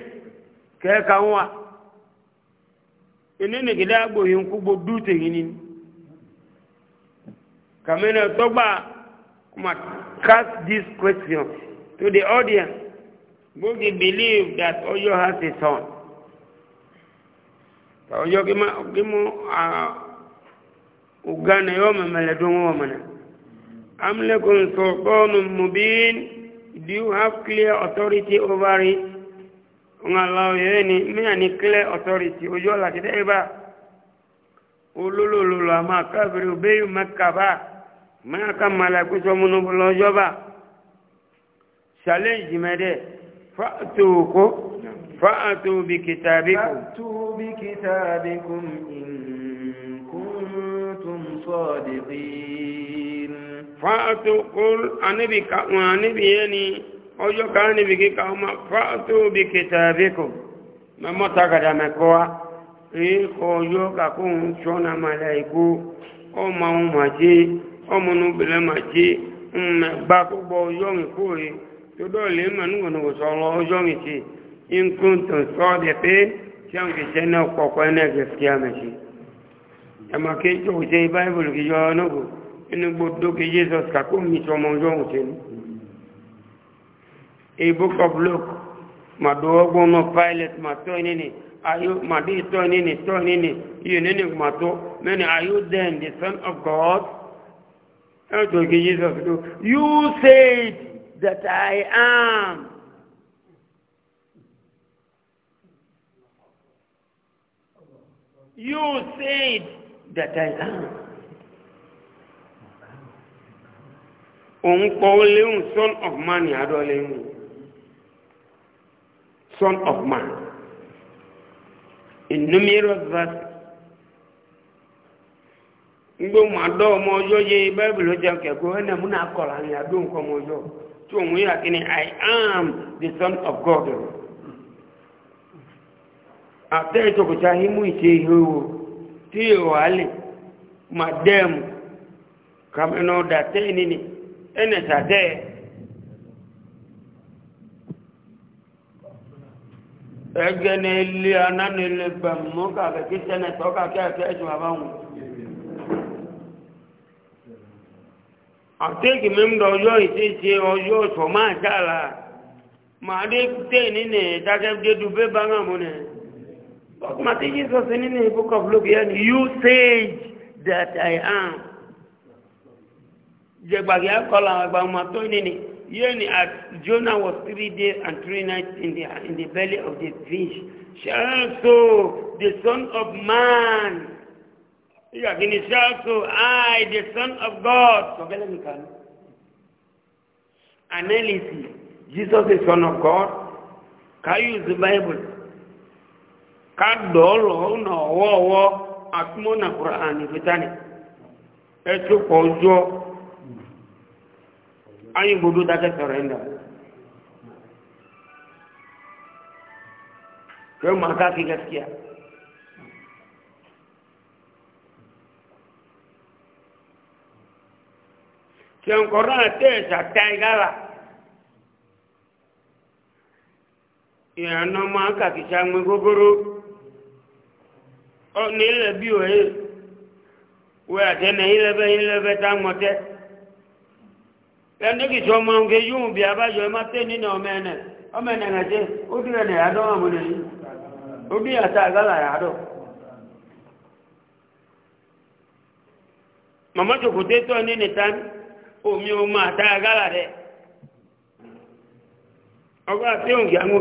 kẹ́ẹ̀kan wà inene gida agbo yin kubo dute yinin kamena toba kuma cast this question to the audience Bogi believe that Oyo has a son. Oyo kima kimo a ah, ugana yoma meledungu wamana. Am lakum sultanun mubin. Do you have clear authority over it? ŋalawo yɛ ni miya ni clear authority ojú ọ̀la ti dẹ́ bá olólùlù àmọ́ akábìrì obéyù mẹ́kàbá mẹ́yà ká malẹ̀ kúsọ múnú lọ́jọ́ bá challenge mẹ́dẹ̀ fàtó kó fàtó bí kìtàbí kù. fàtó bí kìtàbí kù kuntum sọ̀dìrín. fàtó kó anibi kàwọn anibi yẹ ni. ọjọ́ kan níbi kíkà ọmọ fàtó bí kìtà bíkò mẹ́mọ́ takàdà mẹ́kọ́ wa ríkọ ọjọ́ kàkóhun ṣọ́nà màlẹ̀ ikú ọmọ ohun ma ọmọ onúbìnrin màjí mẹ́gbà púpọ̀ ọjọ́ ìkó rẹ̀ tó dọ̀lẹ́ mẹ́nugùnugùn sọ̀rọ̀ ọjọ́ ìtì ìkúntàn sọ́ọ̀dẹ̀ pé tí a book of Luke madogono pilot matonini are you Nini, tonini Nini, yinini mato many are you then the son of God okay Jesus do you said that I am you said that I am òun kọ́ son of man ni àdọ́ son of man. In numerous verses. Ngbe mu adɔ ɔmɔ yɔ ye Bible jɛ kɛkɔ ɛnɛ mu na kɔla ni Tí òun yà I am the son of God. Àtẹ̀ ìtòkùtà yìí mú ìṣe ihe o. Tí ìwà lè máa dẹ́ mu. ẹgẹni ilé anáni ilé gbẹmú kàkẹ́kí sẹ́nẹ̀tọ́ kàkẹ́kẹ́ ẹ̀sùn àbáwọn àtẹ́kì mímdọ̀ ọjọ́ ìtẹ́sẹ̀ ọjọ́ ọ̀sọ̀ máa dáàlá máa dé tẹ́ nínú ìdájẹ́gbẹ́dù bẹ́ bá hàn mú nẹ ọkùnmá tí jesus nínú book of luke yẹn you say that i am jẹgbàgbé akọlà àgbàmọ́tò nínú as Jonah was three days and three nights in the, in the belly of the fish. Shall so the Son of Man. Yagini shall so I, the Son of God. So Analysis. Jesus is Son of God. Can you use the Bible? Can do all no war war at na Quran if it's any. It's ayin bodo dake surrender kai maka ki gaskiya kyan korona te sa taigala ìrànà máa kàkìsà gbin gógóró ọ ní ilẹ̀ bí òye wẹ́ àtẹ́nà ilẹ̀bẹ́ ilẹ̀bẹ́ tá mọ́tẹ́ ẹnìkìtì ọmọ nke yóò bí abájọ ẹmá tẹ́ nínú ọmọ ẹnẹ ọmọ na ẹ̀jẹ́ ó dúró ẹ̀nà àádọ́ ọmọ nìyí ó bí àtà àgálà àádọ́ tọ́ omi ọmọ àtà àgálà rẹ̀ ọgbà tí òǹkì àwọn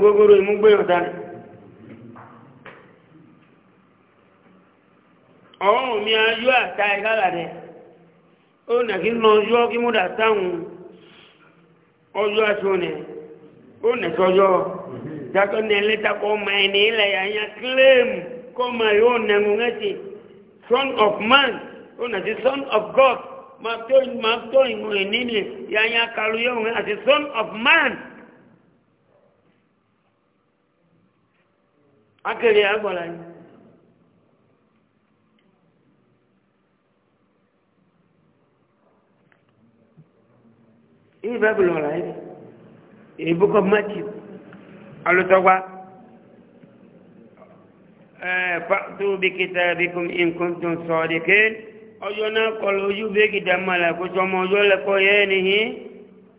ayọ́ ọjọ́ aṣọ ni ó nẹ̀ sọ́jọ́ dákọ́ ní ẹlẹ́ta kọ́ ọmọ ẹni ilẹ̀ yàyà claim kọ́ ọmọ yóò nẹ̀mú ẹ̀tì son of man ó nà sí son of god máa tó máa tó ìmọ̀ ẹ̀ní ni yàyà kàlù yóò hàn àti son of man. akẹ́lẹ́ àgbọ̀lá yìí. yìí bẹ́ẹ̀bùlù ọ̀rọ̀ yìí èyí búkọ matthew alùtọ́gbà fàtó bí kìtà bí kún nǹkan tó ń sọ ọ́ dìké ọjọ́ náà kọlu ojú bí kìtà mọ̀lẹ̀ kó sọmọ ọjọ́ lẹ́kọ̀ọ́ yẹ́ nìyí.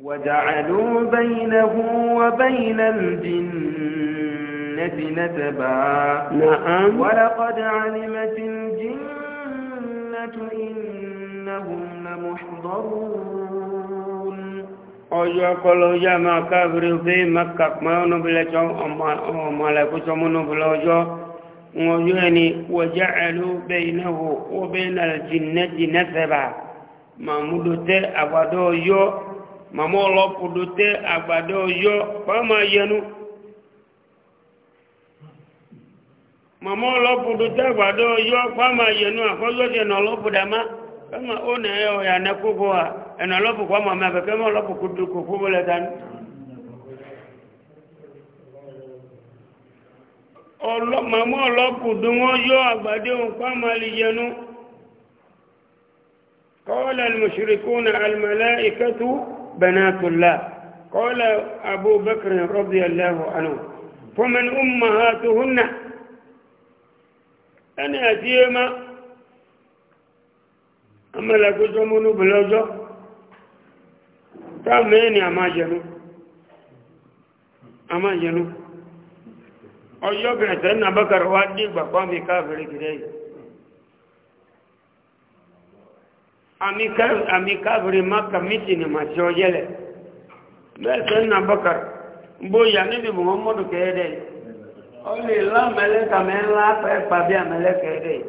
وجعلوا بينه وبين الجنة نسبا نعم ولقد علمت الجنة إنهم لمحضرون ọjọ́ kọlọ ọjọ́ ma káàbìrì pé maka pọ́n ọ̀nàbìlẹ̀ tọ́ ọmọlẹ̀kùtọ́ mọ́nàbìlẹ̀ ọjọ́ ọjọ́ ẹni wọjá ẹ̀lú bẹ́ ináwó ó bẹ́ nàìjíríà nẹ́sẹ̀bà màmúdó tẹ́ àgbàdo ọjọ́ màmú ọlọ́pùdó tẹ́ àgbàdo pàmò ayẹnu màmú àgbàdo pàmò ayẹnu nà pàmò nà ana lopo kwa mama peke mo lopo kudu kufu bole tan olo mama lopo dungo yo abade on kwa mali yenu قال المشركون الملائكة بنات الله قال أبو بكر رضي الله عنه فمن أمهاتهن أنا أتيما أما لك زمن بلوزه táàmù ẹ̀ ni a a ọjọ́ bẹ̀rẹ̀ tẹ́ ní abẹ́kẹ̀rẹ̀ wá dé ìgbàpá mi káàkiri kìrẹ́ yìí àmì káàkiri maka mítì ni màá ṣe bẹ́ẹ̀ tẹ́ ní abẹ́kẹ̀rẹ̀ bóyá níbi mọ́mọ́dù kẹ́ẹ̀dẹ̀ yìí ọ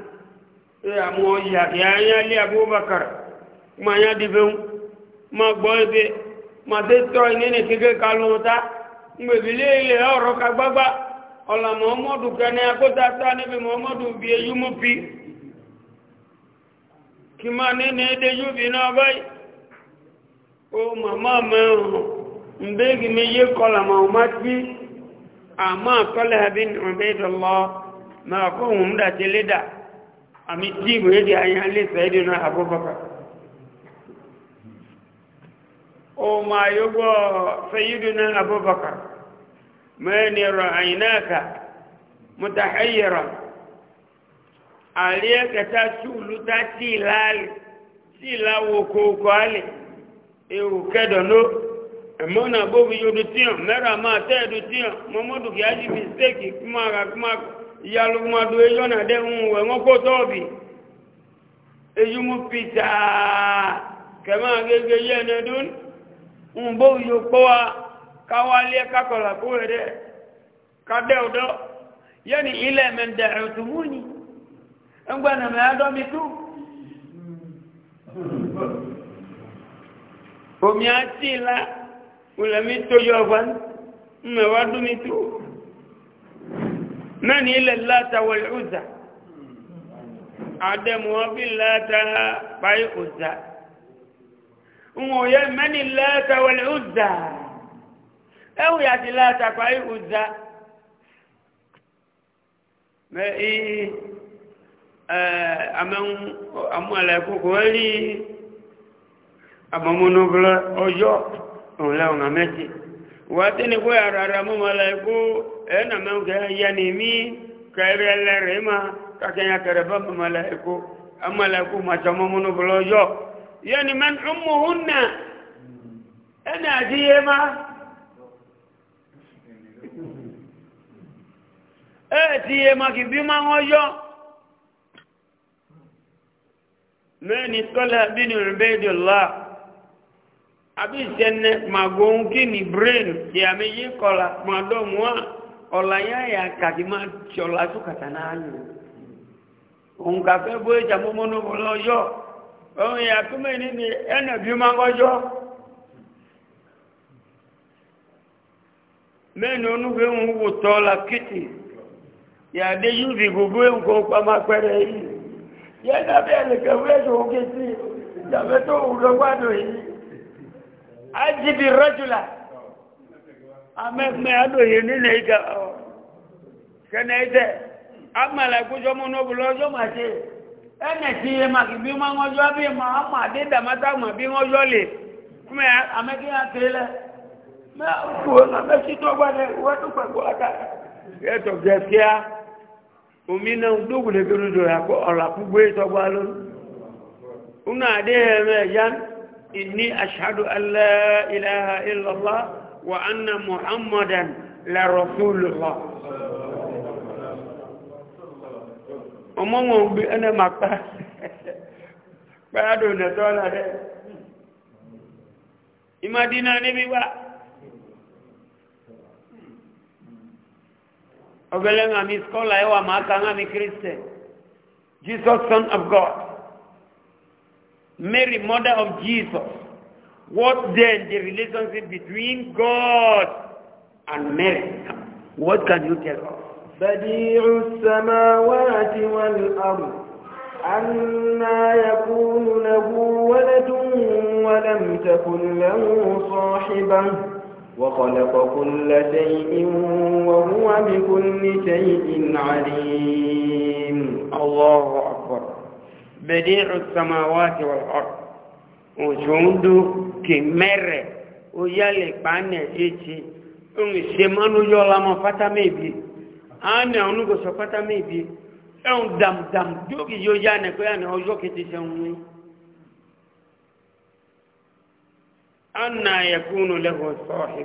ya yàkí ayálé abúbakar ma yá dìbẹ̀un ma gbọ́ ibi ma tẹ́ tọ́ ìnínì kíkẹ́ kalóta ngbèbílé ilẹ̀ ka kagbágbá ọ̀là mọ́mọ́dù kẹni akóta sá ọla mọ́mọ́dù bí eyú mú pi kí ma nínú ẹdẹjú bí náà báyìí ó màmá mẹ́rùn mbẹ́gì mi yé kọlà ma ma kó hùn dàtí àmì tíìmù èdè àyà lè sẹ́ẹ̀dì náà àbúbọ̀kà o máa yógbọ́ sẹ́yìdì náà àbúbọ̀kà mẹ́rinrọ̀ àyínáàkà mutahayyara àríẹ́kẹta ṣùlúta tí ìlàwò kòókò alẹ̀ èrò kẹdọ̀nó ẹ̀mọ́nà bóbi yóò dùn tíyàn mẹ́ra máa tẹ́ẹ̀dù tíyàn mọ́mọ́dù kìí á jí mistake kúmọ̀ ìyálùmọ̀dù eyọ́nà dẹ́hùn ẹ̀wọ́n kó tọ́ọ̀bì eyúmú pìtà kẹmọ́ agége yẹ́ ẹ̀nà ń bó yóò pọ́ wa káwálé kákọ̀lá kó rẹ̀ dẹ́ kádẹ́ ọ̀dọ́ yẹ́nì ilẹ̀ mẹ́ndẹ̀ ẹ̀tùmúni ẹgbẹ́nà mẹ́adọ́mi tú omi àti ìlà ulẹ̀mí tó yọ náà ní ilẹ̀ láta wọlé ọ̀zà àdẹ̀mọ́ bí láta parí ọ̀zà wọ́n yẹ mẹ́ni láta wọlé ọ̀zà ẹ̀wù yàtí láta parí ọ̀zà mẹ́ ii àmúhàlẹ̀ kòkò rí àbọ̀mọ́nọ́bọ̀lọ́ ọjọ́ òun lẹ́wọ̀n àmẹ́sì wà tí ni kó yàrá àmúhàlẹ̀ kó ena meuga yani mi kaire lerema kakenya kareba malaiku amalaiku machamo munu blojo yani man ummuhunna ana ajiyema eh tiyema kibima ngojo meni skola bin ubaidullah abi senne magonki ni brain ya meyi kola madomu wa ọ̀làyà yà kàdí máa tíọ̀lá tó kàtà náà na òun kàfẹ́ bó ìjà mọ́mọ́ ní ọmọ tó mẹ́rin ní ẹnà bí máa gọ́jọ́ mẹ́rin onúgbé ń wò tọ́ la kìtì yàdé yóò fi gbogbo nǹkan pamọ́ pẹ́rẹ́ yìí yẹ́nà bí ẹnìkan amẹ́gbẹ́ adòye nínú ìjà ọ̀ ṣẹ́nà ìtẹ́ amàlàkújọ́ mú nóbulọ́ ọjọ́ ṣe ẹnà tí yẹ ma bí wọ́n ọjọ́ ma ọmọ àdé dàmátàmà bí wọ́n yọ́ lè mẹ́ amẹ́gbẹ́ àtẹ́lẹ̀ mẹ́ òkú amẹ́sí na gbádẹ wọ́n tó pẹ̀lú àtà ẹ̀tọ̀ gẹ̀ẹ́fíà omi náà dókùlẹ̀ tó rúdò ọ̀làkúgbé tọgbà وأن محمدا لرسول الله ọmọ́wọ̀n bí ẹnẹ ma pa pẹ́lú nẹ̀tọ́lá rẹ̀ ìmọ̀dínà níbi wá ọgbẹ̀lẹ́nà mi skọ́lá ẹwà máa ká náà mi kírísẹ̀ jesus son of god mary mother of jesus What then the relationship between God and man? What can you tell us? بديع السماوات والأرض أنا يكون له ولد ولم تكن له صاحبة وخلق كل شيء وهو بكل شيء عليم الله أكبر بديع السماوات والأرض وجنده òkè mẹ́rẹ̀ ó yálẹ̀ pàánẹ̀ ètì ìṣẹ́mọ́nú yọ́ lamọ́ pátámẹ́bí àánà onúgọ̀sọ̀ pátámẹ́bí ẹ̀hùn dàmdàm jókì yóò yá nẹ̀kọ́ yá ní ọjọ́ kìtì sẹ́hùn ní àánà yẹkùnù lẹ́hùn sọ́ọ̀hì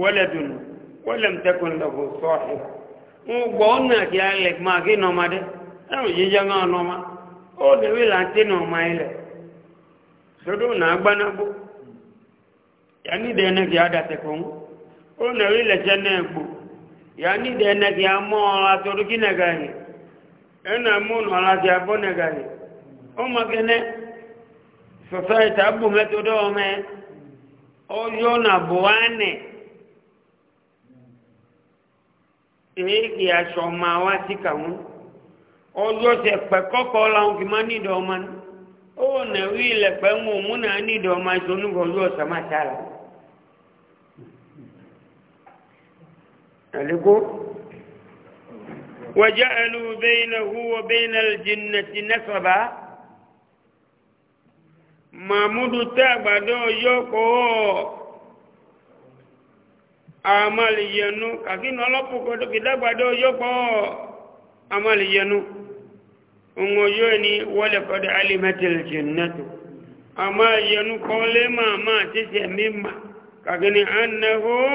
wọ́lẹ̀dùn wọ́lẹ̀mtẹ́kùn lẹ́hùn sọ́ọ̀hì ń gbọ́ ọ̀nà nà ọmọ ó dẹ̀wé làǹtí nà ọmọ ilẹ̀ yani da yana ki ada te kon o na wi le jene bu yani da yana ki amo atoru ki na gani ena mu no ala ki abo na gani o ma gene society abu me to do me o yo na buane e ki aso ma wa ti ka un o yo se pe koko la un ki mani do man o na wi le pe mu mu na ni àlékó wàjá ẹlú bẹ́ẹ̀nà húwọ́ bẹ́ẹ̀nà jìnnà ti nẹ́sọ̀bá mahmudu tẹ́ àgbàdo yọ́kọ́ àmàlìyẹnu kàkínà ọlọ́pùpọ̀ kìdágbàdo yọ́kọ́ àmàlìyẹnu ọmọ yóò ní wọ́lẹ̀ kọ́dẹ̀ alimẹ́tẹ̀lì jìnnà tó àmàlìyẹnu kọ́ lé màmá àti tẹ̀mí mà kàkínà annahum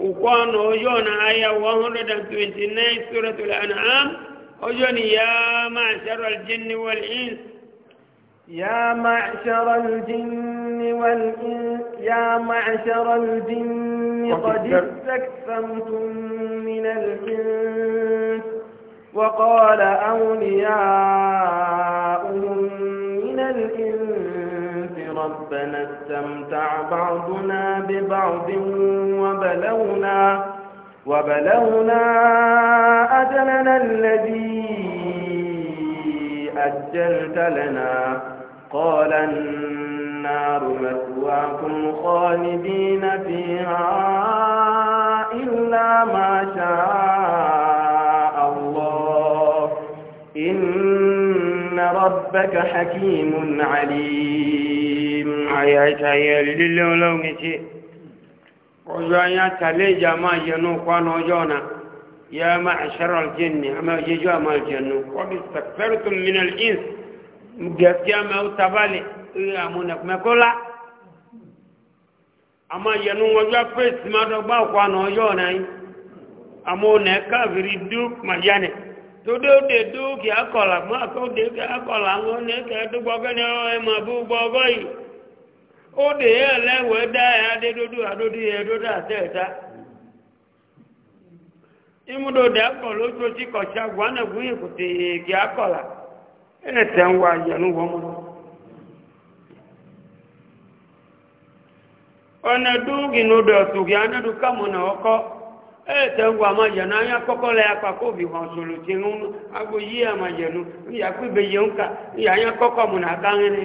وكان وجونا آية 129 سورة الأنعام وجون يا معشر الجن والإنس يا معشر الجن والإنس يا معشر الجن قد استكثمتم من الإنس وقال أولياؤهم من الإنس ربنا استمتع بعضنا ببعض وبلونا وبلونا أجلنا الذي أجلت لنا قال النار مثواكم خالدين فيها إلا ما شاء ربك حكيم عليم آيات آيات لله لو نتي ọjọ́ ya tàlé ìjàmá yẹnu kwánà ọjọ́ na ya ma a ṣarar jini a ma jejú a ma jẹnu kọbi sàfẹ́rùtún minal ins gẹ̀ẹ́sì a ma ó tabali àmúnàkùnmẹ́kọ́lá a ma yẹnu ọjọ́ fèsì má dọ́gbà kwánà ọjọ́ na yìí àmúnà káfìrí dúk majanẹ̀ todo de do kì á kọ̀là mọ́ àkọ́dé kì á kọ̀là wọn ní kẹ́ tó gbọ́gẹ́ ní ọ̀rọ̀ ẹ̀mọ̀ bú gbọ́gọ́ yìí ó dè é lẹ́wọ̀ dá ẹ̀ adédódó àdódó ẹ̀ dódó àtẹ́ẹ̀ta ìmúdòdà kọ̀ lójú tí kọ̀ṣà ẹ̀ẹ́tẹ̀ngwà àmàjẹ̀nù anya kọ́kọ́lẹ̀ akpakóbi hàn sòlò tí ń agbó yí àmàjẹ̀nù ìyàkú ìbèyè ń ka ìyà anya kọ́kọ́ mù nà káhínní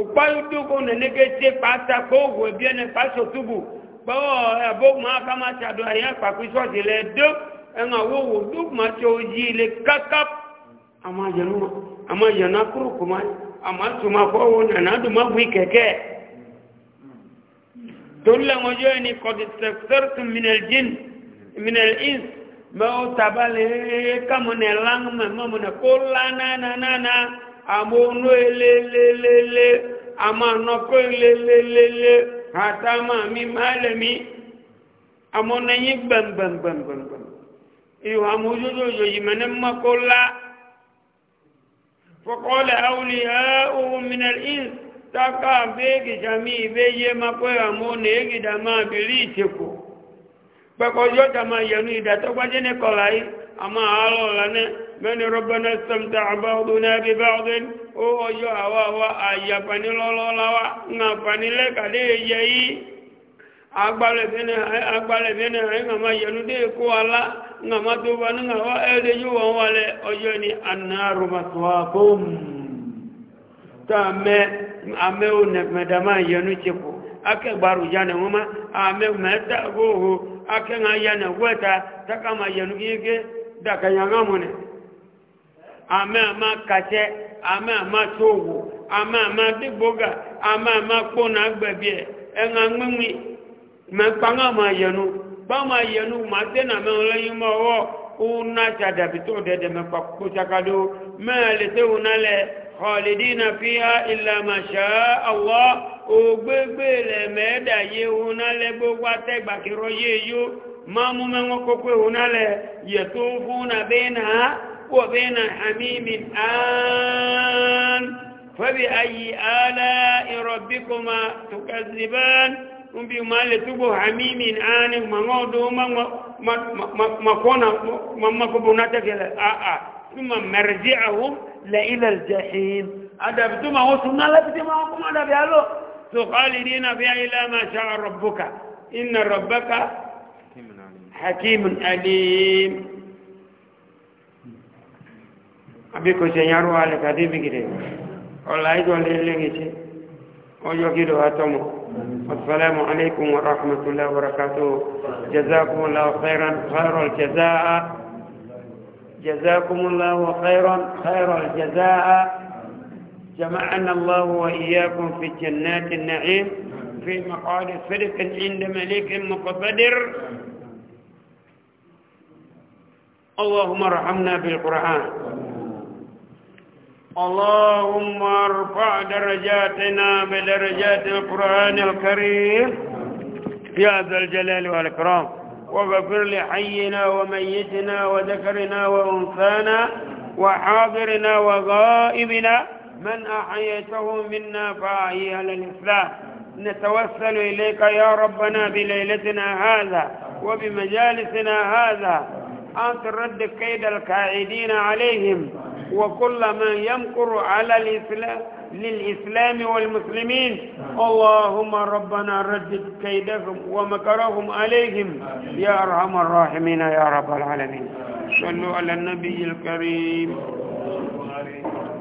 ukpayu tuko nenegete pata kogwe biene paso tubu bo abo ma kama chado aya kwa kwiso dile do enga kakap ama torílẹ̀ wọn jẹ́ ẹni kọ̀dìtẹ̀kùtẹ̀kùtù mìnàlíns mẹ́wọ́ tàbálẹ̀ kàmùnẹ̀ láńmẹ̀ mọ́mùnẹ̀ kó lánàánà àmọ́ onú elélélélé àmọ́ ànọ́kọ́ elélélélé àtàmà mi máàlẹ̀mí àmọ́ nẹ́yìn gbẹ̀mgbẹ̀mgbẹ̀mgbẹ̀m ìwà àmọ́ ojójójò yìí mẹ́ni mọ́kó lá fọ́kọ́lẹ̀ àwùlì ẹ́ òun mìnàlíns taka mbegi jamii beye makwea mone egi dama bilite ko peko yo dama yanu ida to kwa jene kolai ama alo lane من ربنا استمتع بعضنا ببعض او يو هوا هوا ايا بني لولو لوا نا بني لك دي يي agbale bene agbale bene nga ma yanu de ko ala nga ma do nga wa e yu wa wale oyo ni annaru maswaqum tó amẹ́ amẹ́ ò mẹ́dàmá ìyẹnu ti kù akẹgbàrú yanẹ̀ wọn má amẹ́ mẹ́ta gbóòhò akẹ́nà yanẹ̀ wẹ́ta takama ìyẹnu kíkẹ́ dàkẹ̀yàngámùnẹ̀ amẹ́ àmá ma yẹnu báma yẹnu màá tẹ́nà mẹ́wọn lẹ́yìn mọ́ khalidina fiha illa ma sha Allah ògbégbè lẹ̀ mẹ́ẹ̀dà yé hun nálẹ́ gbogbo atẹ́gbàkírọ yé yó máa mú mẹ́wọ́n kókó hun nálẹ̀ yẹ̀tún fún nàbẹ́nà وبين حميم آن فبأي آلاء ربكما تكذبان بما لتبو حميم آن مغودو مكونا مكبوناتك آآ ثم مرجعهم لإلى الجحيم أدب تما وسنا لبت معكم أدب يا لو تخالدين بها إلى ما شاء ربك إن ربك حكيم أليم abiko سيارو على ale kadi والله ola ido le le السلام عليكم ورحمة الله وبركاته جزاكم الله خيرا خير الجزاء جزاكم الله خيرا خير الجزاء جمعنا الله وإياكم في جنات النعيم في مقعد فلك عند مليك مقتدر اللهم ارحمنا بالقرآن اللهم ارفع درجاتنا بدرجات القرآن الكريم يا ذا الجلال والإكرام وغفر لحينا وميتنا وذكرنا وأنثانا وحاضرنا وغائبنا من أحييته منا فأحيي على الإسلام نتوسل إليك يا ربنا بليلتنا هذا وبمجالسنا هذا أن ترد كيد الكاعدين عليهم وكل من يمكر على الإسلام للإسلام والمسلمين اللهم ربنا ردد كيدهم ومكرهم عليهم يا أرحم الراحمين يا رب العالمين صلوا على النبي الكريم